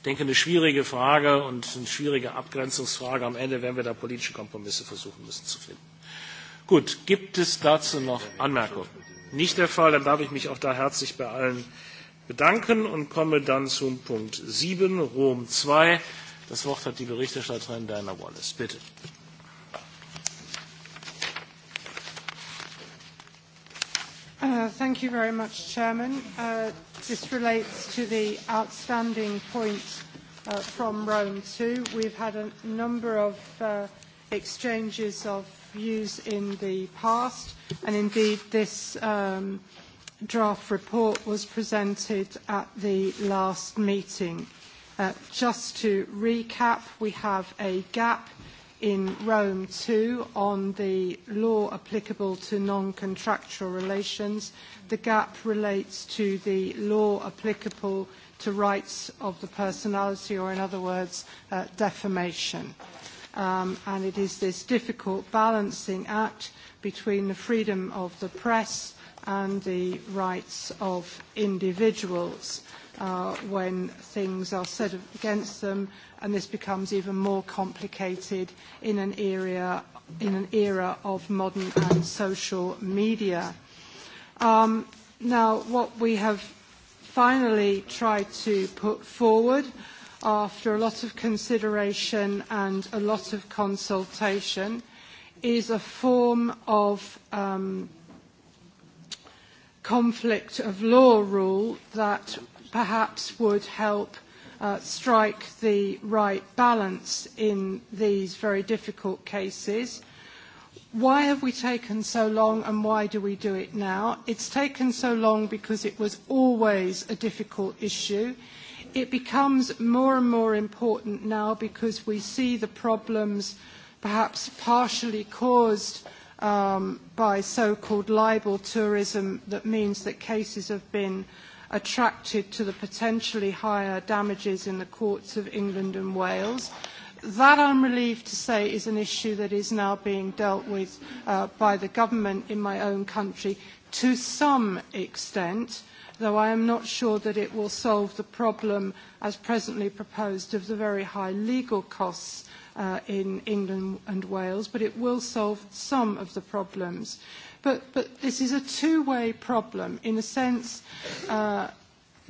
denke, eine schwierige Frage und eine schwierige Abgrenzungsfrage. Am Ende werden wir da politische Kompromisse versuchen müssen zu finden. Gut, gibt es dazu noch Anmerkungen? Nicht der Fall, dann darf ich mich auch da herzlich bei allen bedanken und komme dann zum Punkt 7, Rom 2. Das Wort hat die Berichterstatterin Diana Wallace. Bitte. Uh, thank you very much, Chairman. Uh, this relates to the outstanding point uh, from Rome 2. We've had a number of uh, exchanges of views in the past, and indeed this um, uh, draft report was presented at the last meeting. Just to recap, we have a gap in Rome 2 on the law applicable to non-contractual relations. The gap relates to the law applicable to rights of the personality, or in other words, defamation. and it is this difficult balancing act between the freedom of the press and the rights of individuals uh, when things are said against them, and this becomes even more complicated in an area in an era of modern and social media. Um, now, what we have finally tried to put forward after a lot of consideration and a lot of consultation is a form of um, – conflict of law rule that perhaps would help strike the right balance in these very difficult cases. Why have we taken so long and why do we do it now? It's taken so long because it was always a difficult issue. It becomes more and more important now because we see the problems perhaps partially caused by so-called libel tourism that means that cases have been attracted to the potentially higher damages in the courts of England and Wales. That, I'm relieved to say, is an issue that is now being dealt with by the government in my own country to some extent, though I am not sure that it will solve the problem as presently proposed of the very high legal costs uh, in England and Wales, but it will solve some of the problems. But, but this is a two-way problem. In a sense, uh,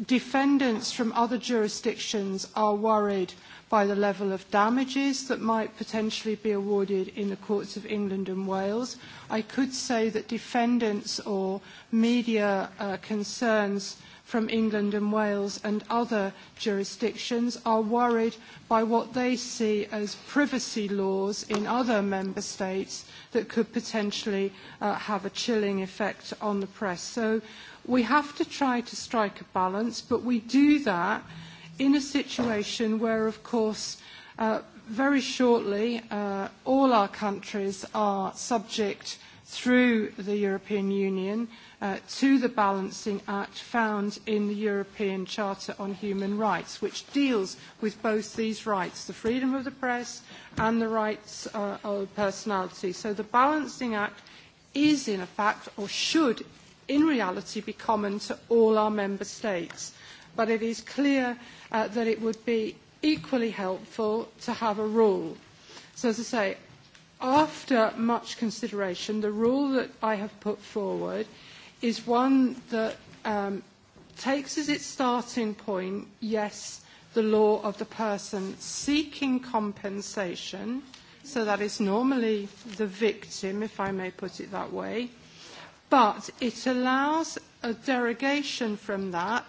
defendants from other jurisdictions are worried by the level of damages that might potentially be awarded in the courts of England and Wales. I could say that defendants or media uh, concerns – from England and Wales and other jurisdictions are worried by what they see as privacy laws in other member states that could potentially have a chilling effect on the press. So we have to try to strike a balance, but we do that in a situation where, of course, very shortly all our countries are subject to through the European Union to the balancing act found in the European Charter on Human Rights, which deals with both these rights, the freedom of the press and the rights of personality. So the balancing act is in fact, or should in reality be common to all our member states. But it is clear that it would be equally helpful to have a rule. So as I say, after much consideration, the rule that I have put forward is one that um, takes as its starting point, yes, the law of the person seeking compensation. So that is normally the victim, if I may put it that way. But it allows a derogation from that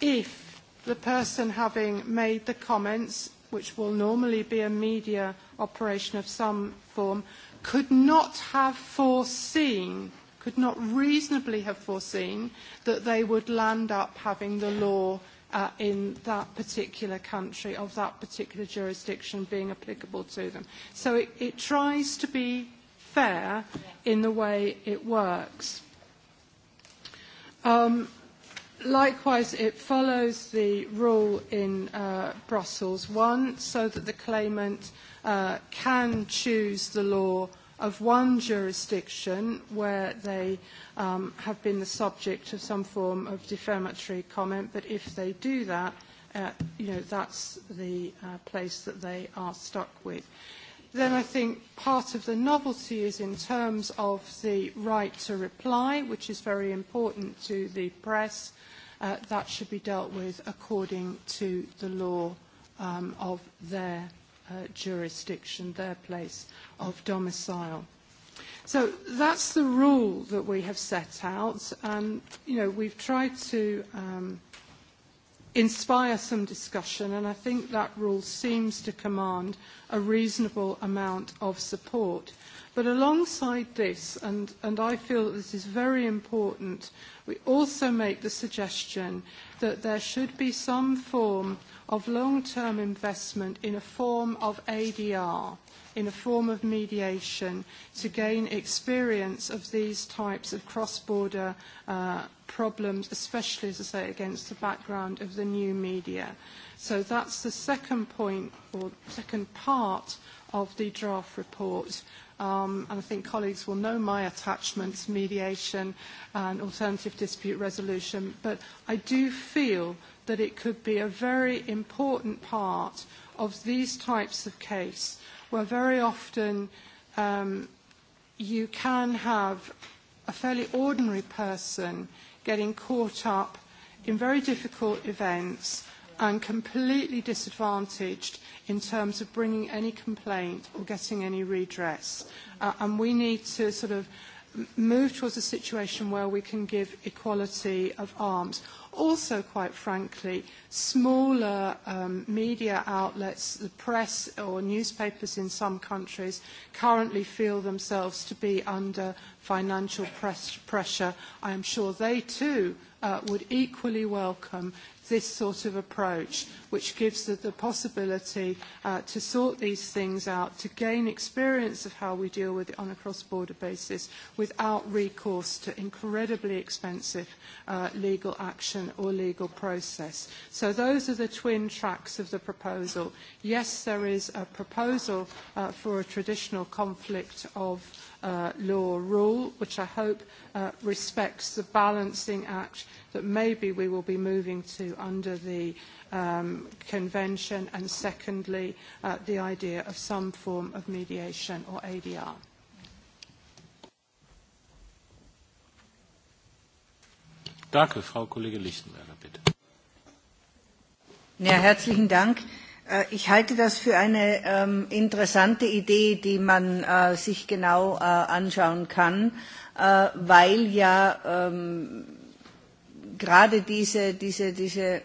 if the person having made the comments which will normally be a media operation of some form, could not have foreseen, could not reasonably have foreseen that they would land up having the law uh, in that particular country of that particular jurisdiction being applicable to them. So it, it tries to be fair in the way it works. Um, Likewise, it follows the rule in uh, Brussels 1 so that the claimant uh, can choose the law of one jurisdiction where they um, have been the subject of some form of defamatory comment, but if they do that, uh, you know, that's the uh, place that they are stuck with. Then I think part of the novelty is in terms of the right to reply, which is very important to the press uh, that should be dealt with according to the law um, of their uh, jurisdiction, their place of domicile. So that's the rule that we have set out. Um, you know, we've tried to um, inspire some discussion, and I think that rule seems to command a reasonable amount of support But alongside this, and, and I feel that this is very important, we also make the suggestion that there should be some form of long-term investment in a form of ADR, in a form of mediation, to gain experience of these types of cross-border uh, problems, especially, as I say, against the background of the new media. So that's the second point or second part of the draft report, Um, and I think colleagues will know my attachment to mediation and alternative dispute resolution. But I do feel that it could be a very important part of these types of case where very often um, you can have a fairly ordinary person getting caught up in very difficult events and completely disadvantaged in terms of bringing any complaint or getting any redress. Uh, and we need to sort of move towards a situation where we can give equality of arms also, quite frankly, smaller um, media outlets, the press or newspapers in some countries, currently feel themselves to be under financial press pressure. I am sure they too uh, would equally welcome this sort of approach, which gives the, the possibility uh, to sort these things out, to gain experience of how we deal with it on a cross-border basis without recourse to incredibly expensive uh, legal action action or legal process. So those are the twin tracks of the proposal. Yes, there is a proposal uh, for a traditional conflict of uh, law rule, which I hope uh, respects the balancing act that maybe we will be moving to under the um, convention, and secondly, uh, the idea of some form of mediation or ADR. Danke, Frau Kollegin Lichtenberger, bitte. Ja, herzlichen Dank. Ich halte das für eine ähm, interessante Idee, die man äh, sich genau äh, anschauen kann, äh, weil ja ähm, gerade diese, diese, diese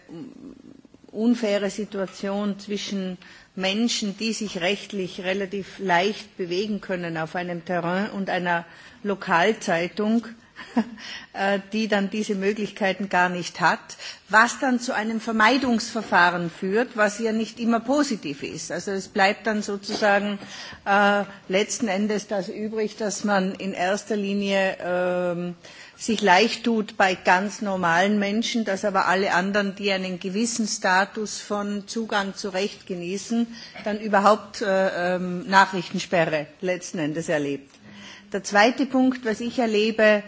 unfaire Situation zwischen Menschen, die sich rechtlich relativ leicht bewegen können auf einem Terrain und einer Lokalzeitung, die dann diese Möglichkeiten gar nicht hat, was dann zu einem Vermeidungsverfahren führt, was ja nicht immer positiv ist. Also es bleibt dann sozusagen äh, letzten Endes das übrig, dass man in erster Linie sich leicht tut bei ganz normalen Menschen, dass aber alle anderen, die einen gewissen Status von Zugang zu Recht genießen, dann überhaupt äh, Nachrichtensperre letzten Endes erlebt. Der zweite Punkt, was ich erlebe,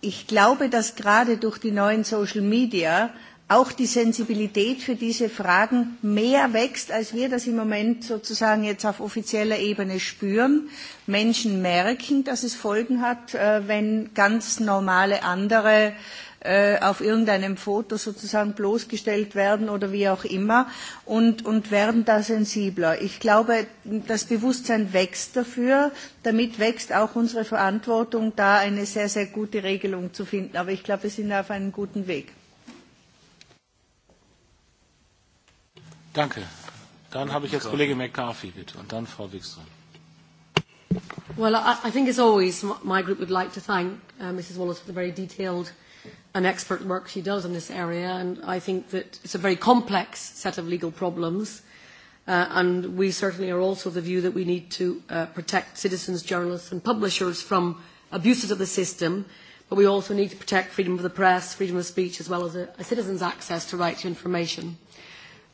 Ich glaube, dass gerade durch die neuen Social Media auch die Sensibilität für diese Fragen mehr wächst, als wir das im Moment sozusagen jetzt auf offizieller Ebene spüren. Menschen merken, dass es Folgen hat, wenn ganz normale andere äh, auf irgendeinem Foto sozusagen bloßgestellt werden oder wie auch immer und, und werden da sensibler. Ich glaube, das Bewusstsein wächst dafür. Damit wächst auch unsere Verantwortung, da eine sehr, sehr gute Regelung zu finden. Aber ich glaube, wir sind auf einem guten Weg. Danke. Dann habe ich jetzt Kollege McCarthy, bitte, und dann Frau Wigström. Well, I, I think as always, my group would like to thank uh, Mrs. Wallace for the very detailed uh, an expert work she does in this area, and I think that it's a very complex set of legal problems. Uh, and we certainly are also of the view that we need to uh, protect citizens, journalists, and publishers from abuses of the system, but we also need to protect freedom of the press, freedom of speech, as well as a, a citizen's access to right to information.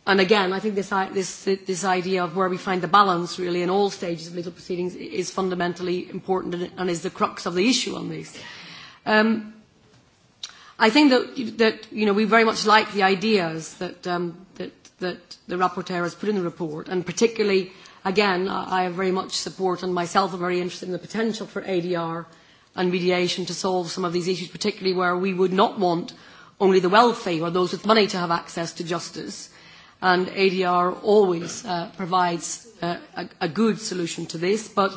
And again, I think this, this, this idea of where we find the balance really in all stages of legal proceedings is fundamentally important and is the crux of the issue on this. Um, I think that, that you know, we very much like the ideas that, um, that, that the rapporteur has put in the report, and particularly, again, I, I very much support and myself are very interested in the potential for ADR and mediation to solve some of these issues, particularly where we would not want only the wealthy or those with money to have access to justice. And ADR always uh, provides uh, a, a good solution to this, but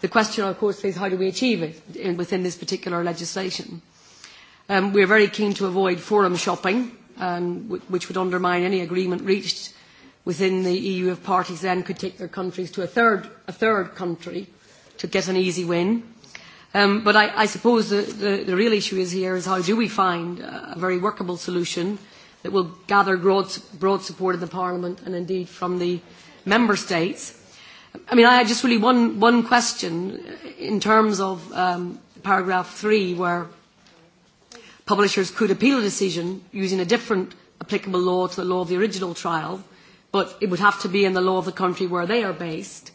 the question, of course, is how do we achieve it in, within this particular legislation? We are very keen to avoid forum shopping, which would undermine any agreement reached within the EU if parties then could take their countries to a third, a third country to get an easy win. but I, I suppose the, the, the real issue is here is how do we find a very workable solution that will gather broad, broad support in the Parliament and indeed from the Member States. I mean, I had just really one, one question in terms of um, paragraph three where Publishers could appeal a decision using a different applicable law to the law of the original trial, but it would have to be in the law of the country where they are based.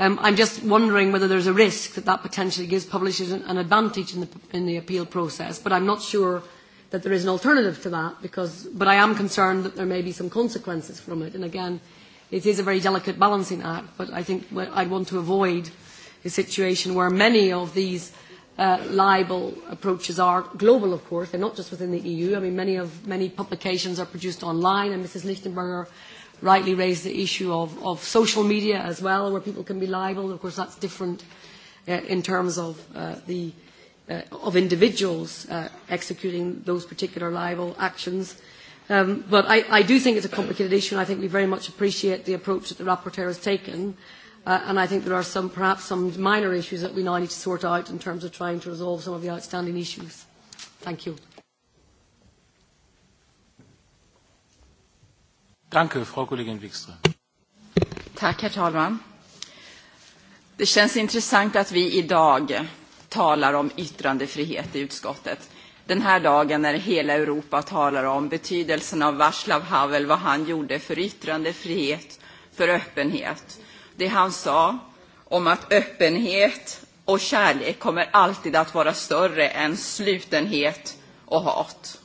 Um, I'm just wondering whether there's a risk that that potentially gives publishers an, an advantage in the, in the appeal process, but I'm not sure that there is an alternative to that, because, but I am concerned that there may be some consequences from it. And again, it is a very delicate balancing act, but I think I I'd want to avoid a situation where many of these uh, libel approaches are global, of course. They're not just within the EU. I mean, many, of, many publications are produced online, and Mrs. Lichtenberger rightly raised the issue of, of social media as well, where people can be libeled. Of course, that's different uh, in terms of uh, the uh, of individuals uh, executing those particular libel actions. Um, but I, I do think it's a complicated issue, and I think we very much appreciate the approach that the rapporteur has taken and I think there are some, perhaps some minor issues that we now need to sort out in terms of trying to resolve some of the outstanding issues. Thank you. Danke, Frau Kollegin Wikström. Tack, herr talman. Det känns intressant att vi idag talar om yttrandefrihet i utskottet. Den här dagen när hela Europa talar om betydelsen av Václav Havel, vad han gjorde för yttrandefrihet, för öppenhet det han sa om att öppenhet och kärlek kommer alltid att vara större än slutenhet och hat.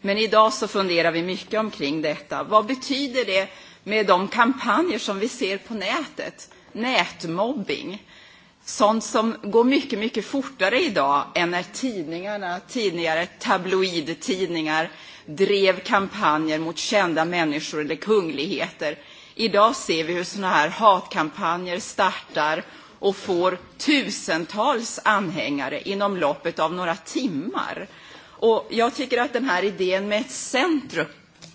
Men idag så funderar vi mycket omkring detta. Vad betyder det med de kampanjer som vi ser på nätet? Nätmobbing. Sånt som går mycket, mycket fortare idag än när tidningarna, tidigare tabloidtidningar, drev kampanjer mot kända människor eller kungligheter Idag ser vi hur sådana här hatkampanjer startar och får tusentals anhängare inom loppet av några timmar. Och jag tycker att den här idén med ett centrum,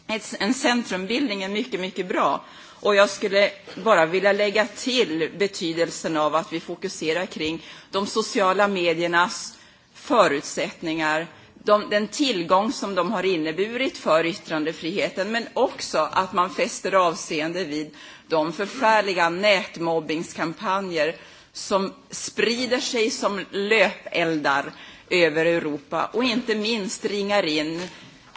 ett, en centrumbildning är mycket, mycket bra. Och jag skulle bara vilja lägga till betydelsen av att vi fokuserar kring de sociala mediernas förutsättningar de, den tillgång som de har inneburit för yttrandefriheten men också att man fäster avseende vid de förfärliga nätmobbingskampanjer som sprider sig som löpeldar över Europa och inte minst ringar in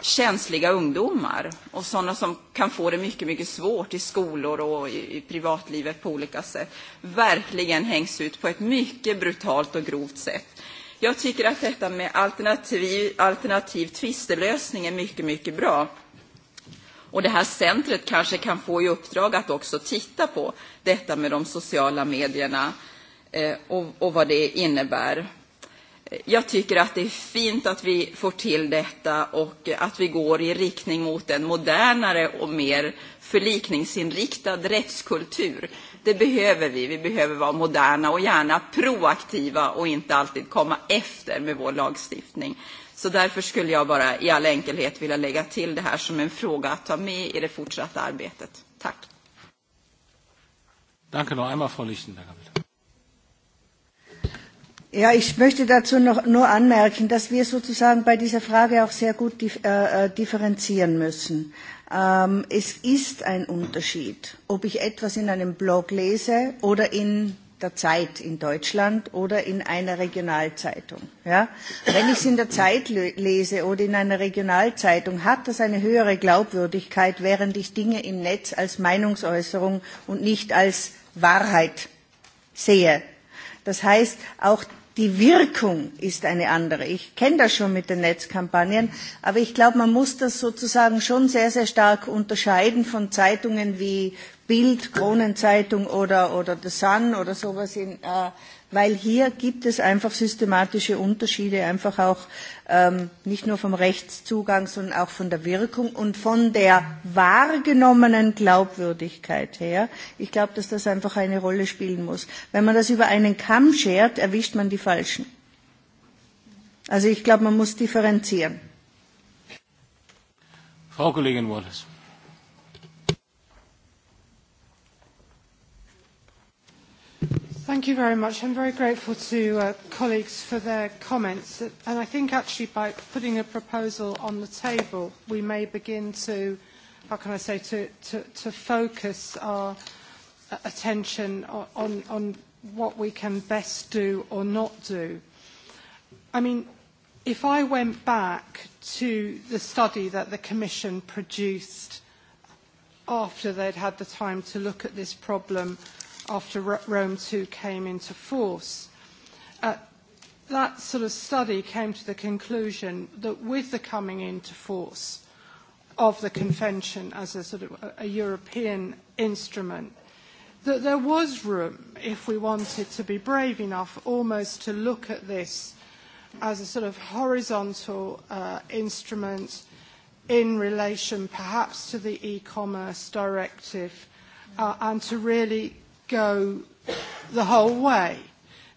känsliga ungdomar och sådana som kan få det mycket, mycket svårt i skolor och i, i privatlivet på olika sätt verkligen hängs ut på ett mycket brutalt och grovt sätt. Jag tycker att detta med alternativ, alternativ tvistelösning är mycket, mycket bra. Och det här centret kanske kan få i uppdrag att också titta på detta med de sociala medierna och, och vad det innebär. Jag tycker att det är fint att vi får till detta och att vi går i riktning mot en modernare och mer förlikningsinriktad rättskultur. Det behöver vi. Vi behöver vara moderna och gärna proaktiva och inte alltid komma efter med vår lagstiftning. Så därför skulle jag bara i all enkelhet vilja lägga till det här som en fråga att ta med i det fortsatta arbetet. Tack. Danke Frau Ja, ich möchte dazu noch, nur anmerken, dass wir sozusagen bei dieser Frage auch sehr gut differenzieren müssen. Ähm, es ist ein Unterschied, ob ich etwas in einem Blog lese oder in der Zeit in Deutschland oder in einer Regionalzeitung. Ja? Wenn ich es in der Zeit lese oder in einer Regionalzeitung, hat das eine höhere Glaubwürdigkeit, während ich Dinge im Netz als Meinungsäußerung und nicht als Wahrheit sehe. Das heißt, auch die Wirkung ist eine andere. Ich kenne das schon mit den Netzkampagnen, aber ich glaube, man muss das sozusagen schon sehr, sehr stark unterscheiden von Zeitungen wie Bild, Kronenzeitung oder, oder The Sun oder sowas in, äh, weil hier gibt es einfach systematische Unterschiede, einfach auch ähm, nicht nur vom Rechtszugang, sondern auch von der Wirkung und von der wahrgenommenen Glaubwürdigkeit her. Ich glaube, dass das einfach eine Rolle spielen muss. Wenn man das über einen Kamm schert, erwischt man die Falschen. Also ich glaube, man muss differenzieren. Frau Kollegin Wallace. Thank you very much. I'm very grateful to uh, colleagues for their comments. And I think actually by putting a proposal on the table, we may begin to, how can I say, to, to, to focus our attention on, on what we can best do or not do. I mean, if I went back to the study that the Commission produced after they'd had the time to look at this problem after Rome II came into force. Uh, that sort of study came to the conclusion that with the coming into force of the convention as a sort of a European instrument, that there was room, if we wanted to be brave enough, almost to look at this as a sort of horizontal uh, instrument in relation perhaps to the e-commerce directive uh, and to really go the whole way.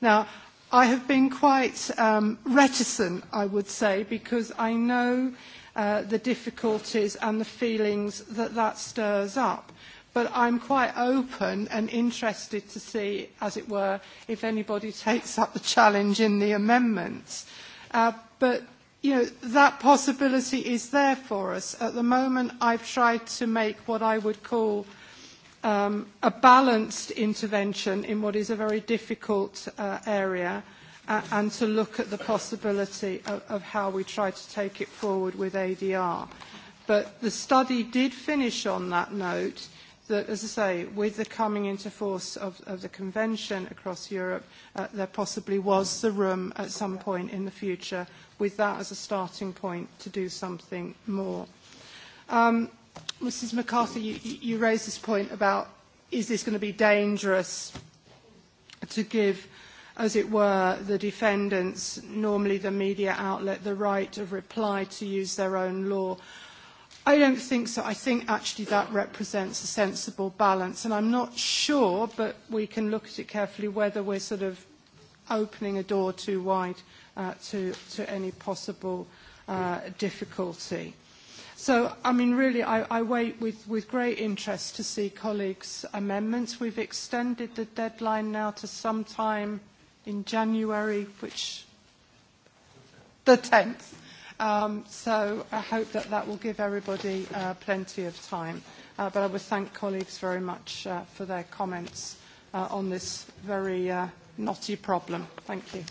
Now, I have been quite um, reticent, I would say, because I know uh, the difficulties and the feelings that that stirs up. But I'm quite open and interested to see, as it were, if anybody takes up the challenge in the amendments. Uh, but you know, that possibility is there for us. At the moment, I've tried to make what I would call um, a balanced intervention in what is a very difficult uh, area uh, and to look at the possibility of, of how we try to take it forward with ADR. But the study did finish on that note that, as I say, with the coming into force of, of the convention across Europe, uh, there possibly was the room at some point in the future with that as a starting point to do something more. Um, Mrs. McCarthy, you, you raised this point about is this going to be dangerous to give, as it were, the defendants, normally the media outlet, the right of reply to use their own law. I don't think so. I think actually that represents a sensible balance. And I'm not sure, but we can look at it carefully, whether we're sort of opening a door too wide uh, to, to any possible uh, difficulty. So, I mean, really, I, I wait with, with great interest to see colleagues' amendments. We've extended the deadline now to sometime in January, which the 10th. Um, so I hope that that will give everybody uh, plenty of time. Uh, but I would thank colleagues very much uh, for their comments uh, on this very uh, knotty problem. Thank you.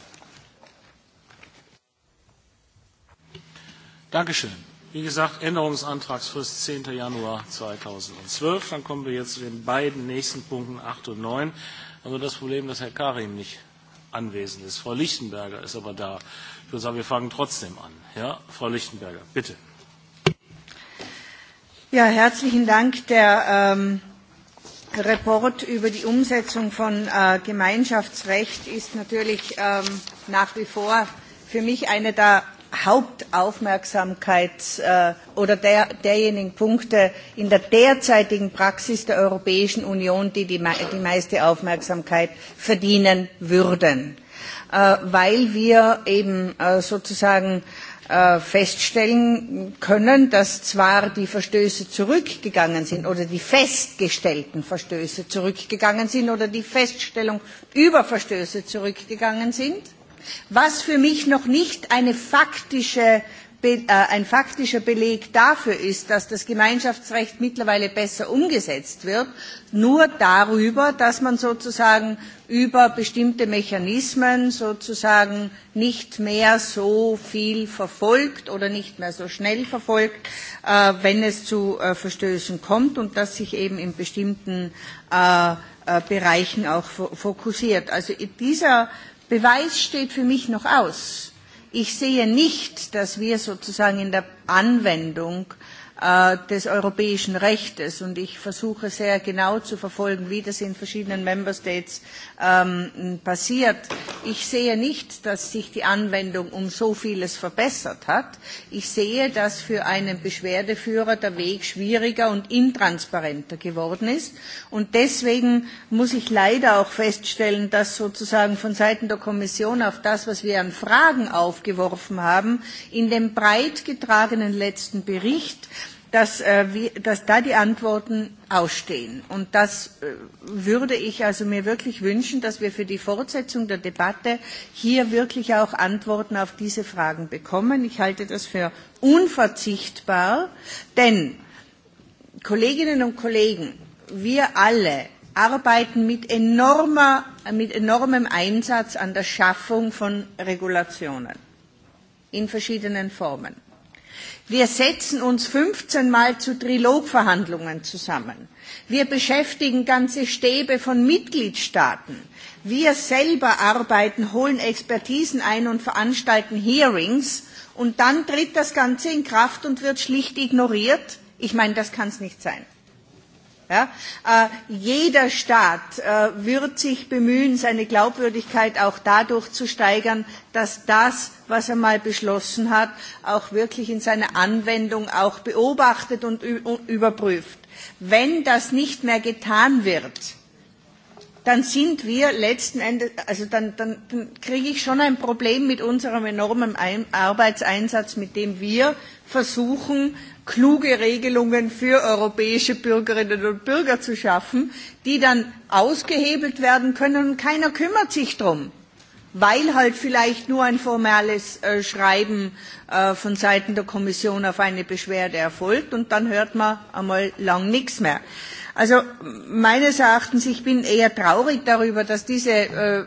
Dankeschön. Wie gesagt, Änderungsantragsfrist 10. Januar 2012. Dann kommen wir jetzt zu den beiden nächsten Punkten 8 und 9. Also das Problem, dass Herr Karim nicht anwesend ist. Frau Lichtenberger ist aber da. Ich würde sagen, wir fangen trotzdem an. Ja, Frau Lichtenberger, bitte. Ja, herzlichen Dank. Der ähm, Report über die Umsetzung von äh, Gemeinschaftsrecht ist natürlich ähm, nach wie vor für mich eine der Hauptaufmerksamkeit oder derjenigen Punkte in der derzeitigen Praxis der Europäischen Union, die die, meiste Aufmerksamkeit verdienen würden, weil wir eben sozusagen feststellen können, dass zwar die Verstöße zurückgegangen sind oder die festgestellten Verstöße zurückgegangen sind oder die Feststellung über Verstöße zurückgegangen sind, was für mich noch nicht eine faktische ein faktischer Beleg dafür ist, dass das Gemeinschaftsrecht mittlerweile besser umgesetzt wird, nur darüber, dass man sozusagen über bestimmte Mechanismen sozusagen nicht mehr so viel verfolgt oder nicht mehr so schnell verfolgt, wenn es zu Verstößen kommt und dass sich eben in bestimmten Bereichen auch fokussiert. Also dieser Beweis steht für mich noch aus. Ich sehe nicht, dass wir sozusagen in der Anwendung des europäischen Rechtes. Und ich versuche sehr genau zu verfolgen, wie das in verschiedenen Member States passiert. Ich sehe nicht, dass sich die Anwendung um so vieles verbessert hat. Ich sehe, dass für einen Beschwerdeführer der Weg schwieriger und intransparenter geworden ist. Und deswegen muss ich leider auch feststellen, dass sozusagen von Seiten der Kommission auf das, was wir an Fragen aufgeworfen haben, in dem breit getragenen letzten Bericht dass, dass da die Antworten ausstehen. Und das würde ich also mir wirklich wünschen, dass wir für die Fortsetzung der Debatte hier wirklich auch Antworten auf diese Fragen bekommen. Ich halte das für unverzichtbar, denn Kolleginnen und Kollegen, wir alle arbeiten mit, enormer, mit enormem Einsatz an der Schaffung von Regulationen in verschiedenen Formen. Wir setzen uns 15 Mal zu Trilogverhandlungen zusammen. Wir beschäftigen ganze Stäbe von Mitgliedstaaten. Wir selber arbeiten, holen Expertisen ein und veranstalten Hearings. Und dann tritt das Ganze in Kraft und wird schlicht ignoriert. Ich meine, das kann es nicht sein. Ja, jeder Staat wird sich bemühen, seine Glaubwürdigkeit auch dadurch zu steigern, dass das, was er mal beschlossen hat, auch wirklich in seiner Anwendung auch beobachtet und überprüft. Wenn das nicht mehr getan wird, dann sind wir letzten Endes, also dann, dann, dann kriege ich schon ein Problem mit unserem enormen Arbeitseinsatz, mit dem wir versuchen, kluge Regelungen für europäische Bürgerinnen und Bürger zu schaffen, die dann ausgehebelt werden können und keiner kümmert sich darum, weil halt vielleicht nur ein formales Schreiben von Seiten der Kommission auf eine Beschwerde erfolgt und dann hört man einmal lang nichts mehr. Also meines Erachtens, ich bin eher traurig darüber, dass diese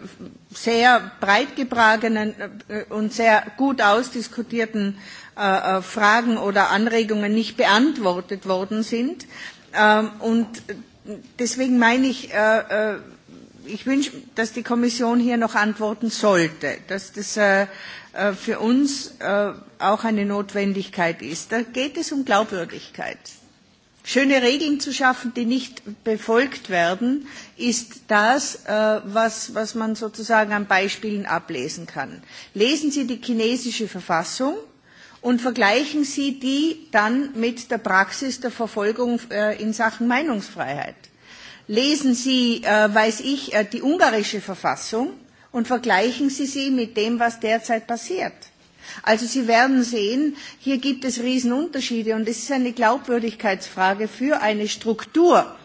sehr breit getragenen und sehr gut ausdiskutierten Fragen oder Anregungen nicht beantwortet worden sind. Und deswegen meine ich, ich wünsche, dass die Kommission hier noch antworten sollte, dass das für uns auch eine Notwendigkeit ist. Da geht es um Glaubwürdigkeit. Schöne Regeln zu schaffen, die nicht befolgt werden, ist das, was, was man sozusagen an Beispielen ablesen kann. Lesen Sie die chinesische Verfassung, und vergleichen Sie die dann mit der Praxis der Verfolgung in Sachen Meinungsfreiheit. Lesen Sie, weiß ich, die ungarische Verfassung und vergleichen Sie sie mit dem, was derzeit passiert. Also Sie werden sehen, hier gibt es Riesenunterschiede und es ist eine Glaubwürdigkeitsfrage für eine Struktur,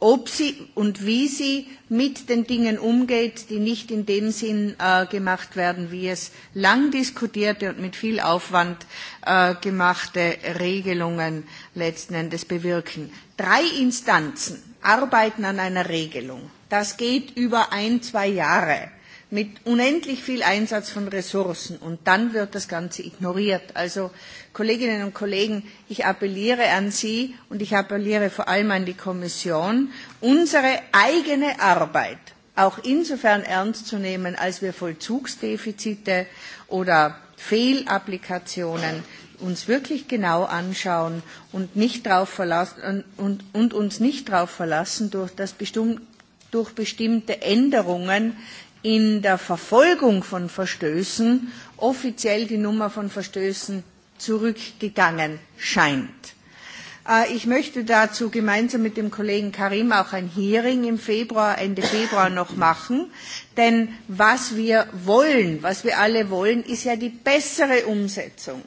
ob sie und wie sie mit den Dingen umgeht, die nicht in dem Sinn äh, gemacht werden, wie es lang diskutierte und mit viel Aufwand äh, gemachte Regelungen letzten Endes bewirken. Drei Instanzen arbeiten an einer Regelung. Das geht über ein, zwei Jahre mit unendlich viel Einsatz von Ressourcen. Und dann wird das Ganze ignoriert. Also, Kolleginnen und Kollegen, ich appelliere an Sie und ich appelliere vor allem an die Kommission, unsere eigene Arbeit auch insofern ernst zu nehmen, als wir Vollzugsdefizite oder Fehlapplikationen uns wirklich genau anschauen und, nicht drauf verlassen, und, und uns nicht darauf verlassen, durch, das bestimm, durch bestimmte Änderungen in der Verfolgung von Verstößen offiziell die Nummer von Verstößen zurückgegangen scheint. Ich möchte dazu gemeinsam mit dem Kollegen Karim auch ein Hearing im Februar, Ende Februar noch machen. Denn was wir wollen, was wir alle wollen, ist ja die bessere Umsetzung.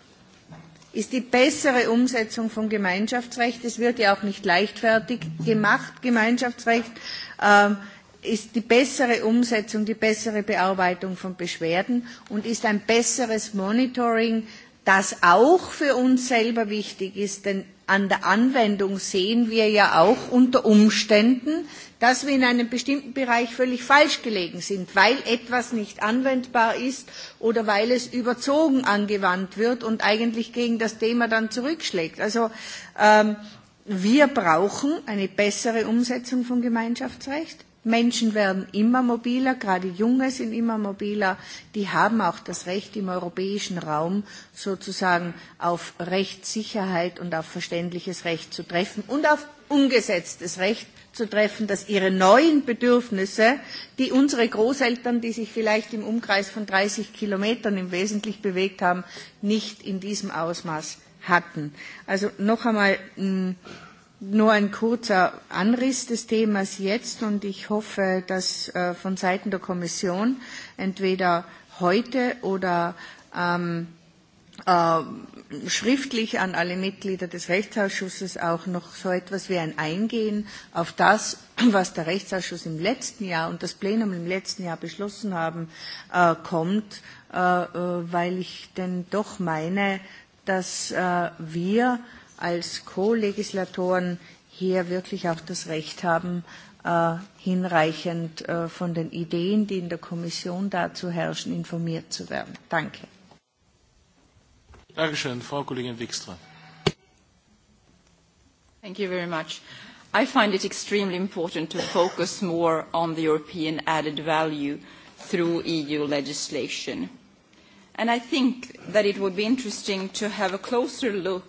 Ist die bessere Umsetzung von Gemeinschaftsrecht. Es wird ja auch nicht leichtfertig gemacht, Gemeinschaftsrecht ist die bessere Umsetzung, die bessere Bearbeitung von Beschwerden und ist ein besseres Monitoring, das auch für uns selber wichtig ist, denn an der Anwendung sehen wir ja auch unter Umständen, dass wir in einem bestimmten Bereich völlig falsch gelegen sind, weil etwas nicht anwendbar ist oder weil es überzogen angewandt wird und eigentlich gegen das Thema dann zurückschlägt. Also ähm, wir brauchen eine bessere Umsetzung von Gemeinschaftsrecht. Menschen werden immer mobiler, gerade Junge sind immer mobiler. Die haben auch das Recht im europäischen Raum sozusagen auf Rechtssicherheit und auf verständliches Recht zu treffen und auf umgesetztes Recht zu treffen, dass ihre neuen Bedürfnisse, die unsere Großeltern, die sich vielleicht im Umkreis von 30 Kilometern im Wesentlichen bewegt haben, nicht in diesem Ausmaß hatten. Also noch einmal, Nur ein kurzer Anriss des Themas jetzt und ich hoffe, dass von Seiten der Kommission entweder heute oder ähm, äh, schriftlich an alle Mitglieder des Rechtsausschusses auch noch so etwas wie ein Eingehen auf das, was der Rechtsausschuss im letzten Jahr und das Plenum im letzten Jahr beschlossen haben, äh, kommt, äh, weil ich denn doch meine, dass äh, wir äh, als Co-Legislatoren hier wirklich auch das Recht haben, hinreichend von den Ideen, die in der Kommission dazu herrschen, informiert zu werden. Danke. Dankeschön. Frau Kollegin Wikström. Thank you very much. I find it extremely important to focus more on the European added value through EU legislation. And I think that it would be interesting to have a closer look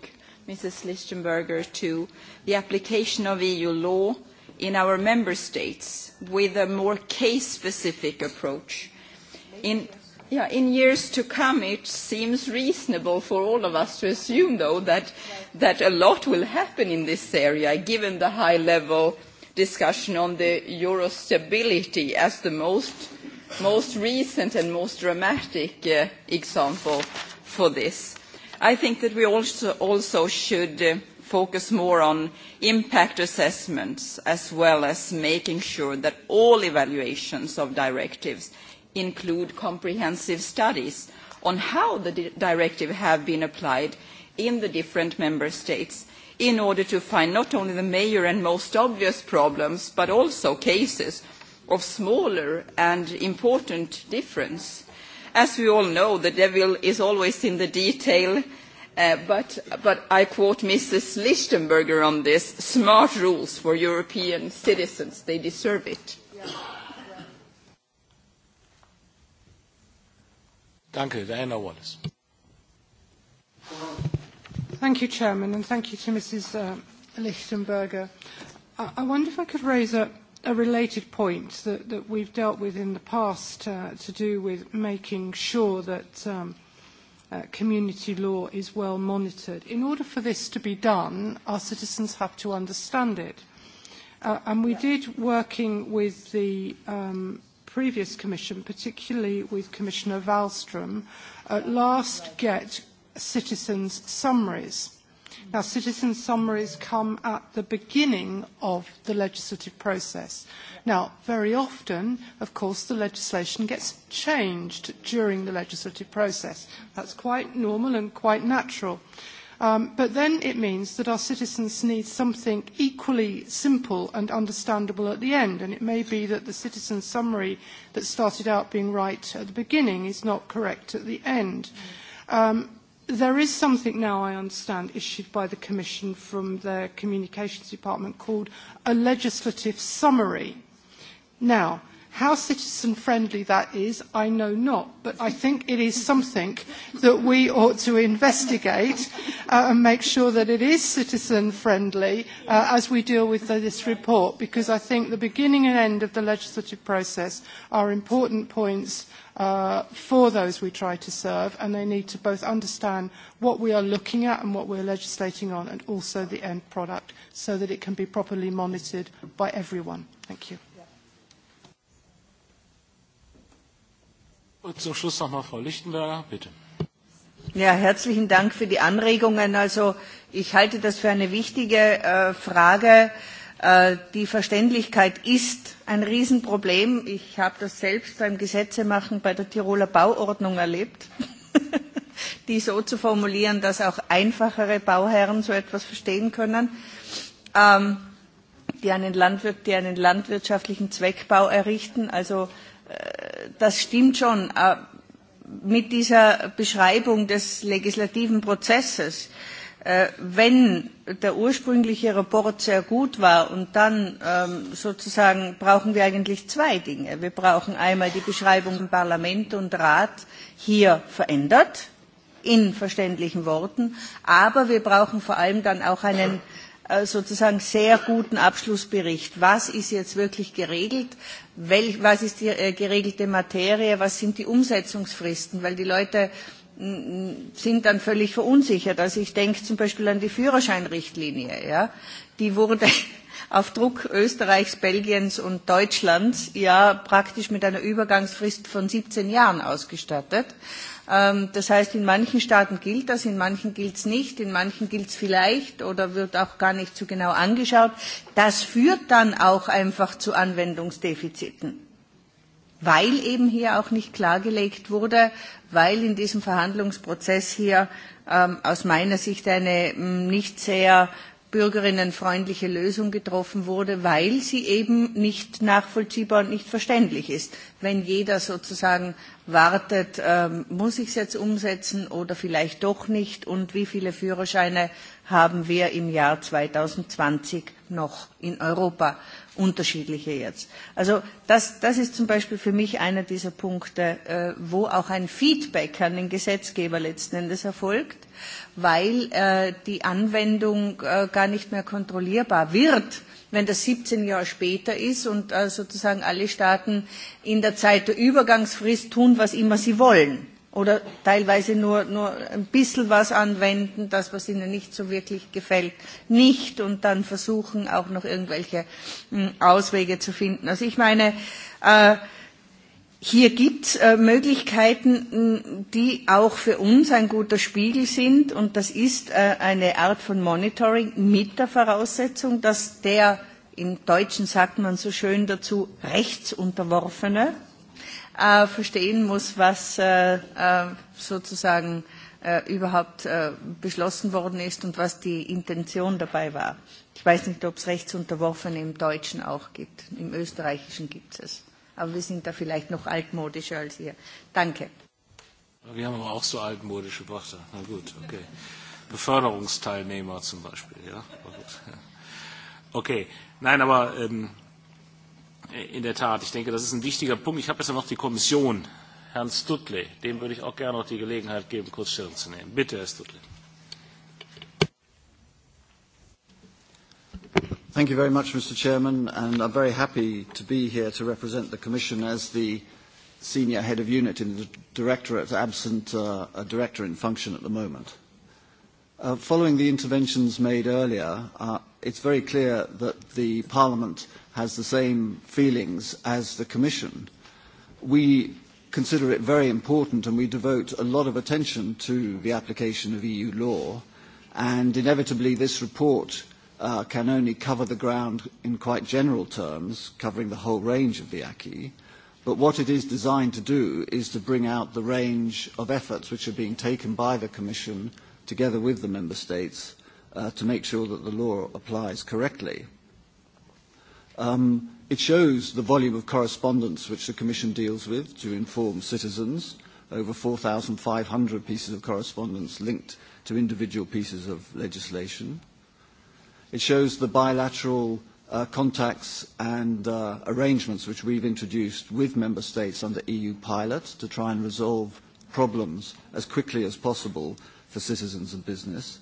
Mrs. Lichtenberger, to the application of EU law in our member states with a more case-specific approach. In, yeah, in years to come, it seems reasonable for all of us to assume, though, that, that a lot will happen in this area, given the high-level discussion on the euro stability as the most, most recent and most dramatic uh, example for this I think that we also should focus more on impact assessments, as well as making sure that all evaluations of directives include comprehensive studies on how the directive have been applied in the different member states in order to find not only the major and most obvious problems, but also cases of smaller and important difference as we all know, the devil is always in the detail. Uh, but, but I quote Mrs. Lichtenberger on this, smart rules for European citizens, they deserve it. Thank you, Diana Wallace. Thank you, Chairman, and thank you to Mrs. Uh, Lichtenberger. I, I wonder if I could raise a, a related point that, that we've dealt with in the past uh, to do with making sure that um, uh, community law is well monitored. In order for this to be done, our citizens have to understand it. Uh, and we did, working with the um, previous commission, particularly with Commissioner Wallström, at last get citizens' summaries Now, citizen summaries come at the beginning of the legislative process. Now, very often, of course, the legislation gets changed during the legislative process. That's quite normal and quite natural. Um, but then it means that our citizens need something equally simple and understandable at the end. And it may be that the citizen summary that started out being right at the beginning is not correct at the end. Um, There is something now, I understand, issued by the Commission from the communications department called a legislative summary. Now, how citizen friendly that is, I know not, but I think it is something that we ought to investigate uh, and make sure that it is citizen friendly uh, as we deal with this report, because I think the beginning and end of the legislative process are important points uh, for those we try to serve, and they need to both understand what we are looking at and what we're legislating on, and also the end product, so that it can be properly monitored by everyone. Thank you. Und zum Schluss nochmal Frau Lichtenberger, bitte. Ja, herzlichen Dank für die Anregungen. Also ich halte das für eine wichtige äh, Frage. Äh, Die Verständlichkeit ist ein Riesenproblem. Ich habe das selbst beim Gesetzemachen bei der Tiroler Bauordnung erlebt, die so zu formulieren, dass auch einfachere Bauherren so etwas verstehen können, die einen, Landwirt, die einen landwirtschaftlichen Zweckbau errichten. Also das stimmt schon. Mit dieser Beschreibung des legislativen Prozesses äh, wenn der ursprüngliche Report sehr gut war und dann sozusagen brauchen wir eigentlich zwei Dinge. Wir brauchen einmal die Beschreibung von Parlament und Rat hier verändert in verständlichen Worten, aber wir brauchen vor allem dann auch einen sozusagen sehr guten Abschlussbericht. Was ist jetzt wirklich geregelt? Welch, was ist die geregelte Materie? Was sind die Umsetzungsfristen? Weil die Leute sind dann völlig verunsichert. Also ich denke zum Beispiel an die Führerscheinrichtlinie. Ja? Die wurde auf Druck Österreichs, Belgiens und Deutschlands ja praktisch mit einer Übergangsfrist von 17 Jahren ausgestattet. Das heißt, in manchen Staaten gilt das, in manchen gilt es nicht, in manchen gilt es vielleicht oder wird auch gar nicht so genau angeschaut. Das führt dann auch einfach zu Anwendungsdefiziten weil eben hier auch nicht klargelegt wurde, weil in diesem Verhandlungsprozess hier ähm, aus meiner Sicht eine nicht sehr bürgerinnenfreundliche Lösung getroffen wurde, weil sie eben nicht nachvollziehbar und nicht verständlich ist. Wenn jeder sozusagen wartet, ähm, muss ich es jetzt umsetzen oder vielleicht doch nicht und wie viele Führerscheine haben wir im Jahr 2020 noch in Europa unterschiedliche jetzt. Also das, das ist zum Beispiel für mich einer dieser Punkte, äh, wo auch ein Feedback an den Gesetzgeber letzten Endes erfolgt, weil äh, die Anwendung äh, gar nicht mehr kontrollierbar wird, wenn das 17 Jahre später ist und äh, sozusagen alle Staaten in der Zeit der Übergangsfrist tun, was immer sie wollen oder teilweise nur, nur ein bisschen was anwenden, das, was ihnen nicht so wirklich gefällt, nicht und dann versuchen auch noch irgendwelche Auswege zu finden. Also ich meine, hier gibt es Möglichkeiten, die auch für uns ein guter Spiegel sind und das ist eine Art von Monitoring mit der Voraussetzung, dass der im Deutschen sagt man so schön dazu, rechtsunterworfene, äh, verstehen muss, was äh, sozusagen äh, überhaupt äh, beschlossen worden ist und was die Intention dabei war. Ich weiß nicht, ob es Rechtsunterworfene im Deutschen auch gibt. Im Österreichischen gibt es. Aber wir sind da vielleicht noch altmodischer als ihr. Danke. Wir haben aber auch so altmodische Worte. Na gut, okay. Beförderungsteilnehmer zum Beispiel, ja. Okay, nein, aber ähm, in der Tat, ich denke, das ist ein wichtiger Punkt. Ich habe jetzt noch die Kommission, Herrn Stuttle, Dem würde ich auch gerne noch die Gelegenheit geben, kurz Stellung zu nehmen. Bitte, Herr Stuttle. Thank you very much, Mr. Chairman, and I'm very happy to be here to represent the Commission as the senior head of unit in the directorate, absent uh, a director in function at the moment. Uh, following the interventions made earlier, uh, it's very clear that the Parliament – has the same feelings as the Commission. We consider it very important and we devote a lot of attention to the application of EU law and inevitably this report uh, can only cover the ground in quite general terms, covering the whole range of the acquis. But what it is designed to do is to bring out the range of efforts which are being taken by the Commission together with the Member States uh, to make sure that the law applies correctly. Um, it shows the volume of correspondence which the Commission deals with to inform citizens, over 4,500 pieces of correspondence linked to individual pieces of legislation. It shows the bilateral uh, contacts and uh, arrangements which we've introduced with Member States under EU pilot to try and resolve problems as quickly as possible for citizens and business.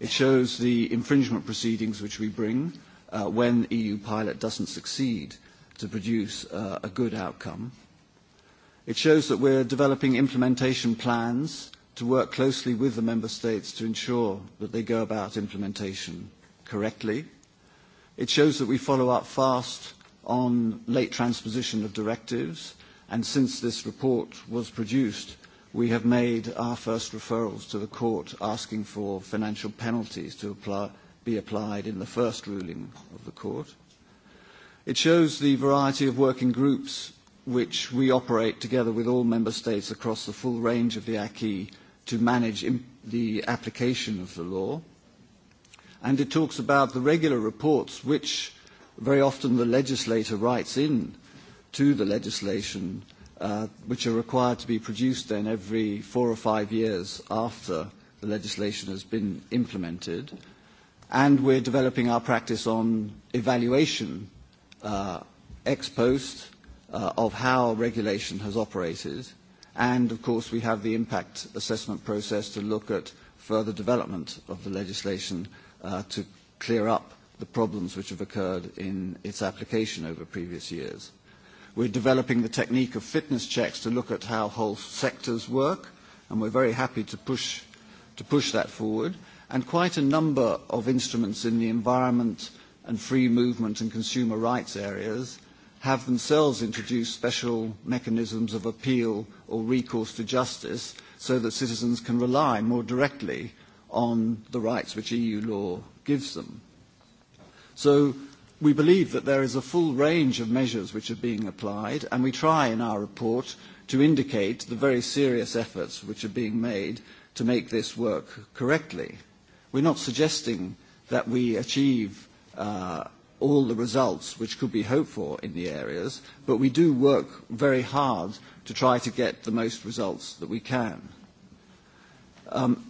It shows the infringement proceedings which we bring uh, when EU pilot doesn't succeed to produce uh, a good outcome. It shows that we're developing implementation plans to work closely with the Member States to ensure that they go about implementation correctly. It shows that we follow up fast on late transposition of directives, and since this report was produced, we have made our first referrals to the court asking for financial penalties to apply be applied in the first ruling of the court. It shows the variety of working groups which we operate together with all member states across the full range of the acquis to manage the application of the law. And it talks about the regular reports which very often the legislator writes in to the legislation, uh, which are required to be produced then every four or five years after the legislation has been implemented and we're developing our practice on evaluation uh, ex post uh, of how regulation has operated. And of course, we have the impact assessment process to look at further development of the legislation uh, to clear up the problems which have occurred in its application over previous years. We're developing the technique of fitness checks to look at how whole sectors work, and we're very happy to push, to push that forward and quite a number of instruments in the environment and free movement and consumer rights areas have themselves introduced special mechanisms of appeal or recourse to justice so that citizens can rely more directly on the rights which EU law gives them. So we believe that there is a full range of measures which are being applied, and we try in our report to indicate the very serious efforts which are being made to make this work correctly. We're not suggesting that we achieve uh, all the results which could be hoped for in the areas, but we do work very hard to try to get the most results that we can. Um,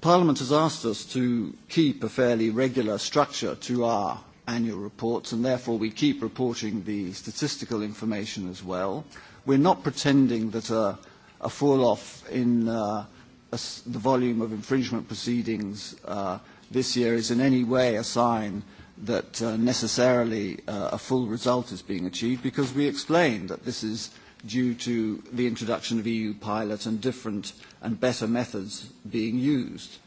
Parliament has asked us to keep a fairly regular structure to our annual reports, and therefore we keep reporting the statistical information as well. We're not pretending that a, a fall-off in uh, the volume of infringement proceedings uh, this year is in any way a sign that uh, necessarily uh, a full result is being achieved because we explained that this is due to the introduction of EU pilot and different and better methods being used.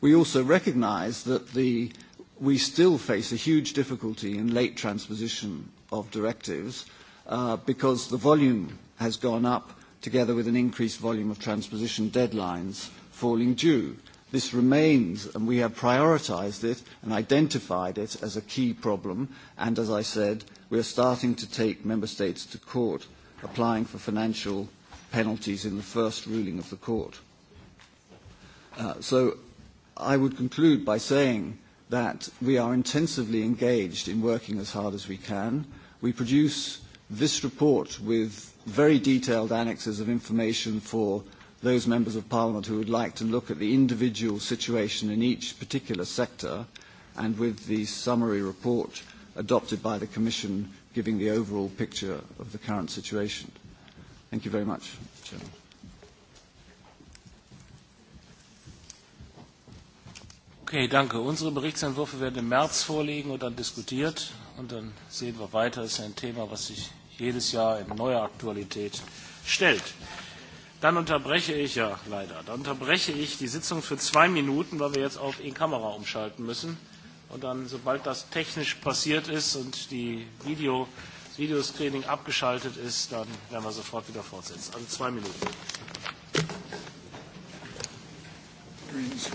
We also recognise that the, we still face a huge difficulty in late transposition of directives uh, because the volume has gone up together with an increased volume of transposition deadlines falling due. This remains, and we have prioritised it and identified it as a key problem, and as I said, we are starting to take Member States to court, applying for financial penalties in the first ruling of the court. so I would conclude by saying that we are intensively engaged in working as hard as we can. We produce this report with very detailed annexes of information for those members of parliament who would like to look at the individual situation in each particular sector and with the summary report adopted by the commission giving the overall picture of the current situation. Thank you very much, Chairman. Okay, danke. Unsere Berichtsentwürfe werden im März vorliegen und dann diskutiert. Und dann sehen wir weiter. Das ist ein Thema, was sich jedes Jahr in neuer Aktualität stellt. Dann unterbreche ich ja leider. Dann unterbreche ich die Sitzung für zwei Minuten, weil wir jetzt auf In-Kamera umschalten müssen. Und dann, sobald das technisch passiert ist und die Video, das Videoscreening abgeschaltet ist, dann werden wir sofort wieder fortsetzen. Also zwei Minuten. Greens.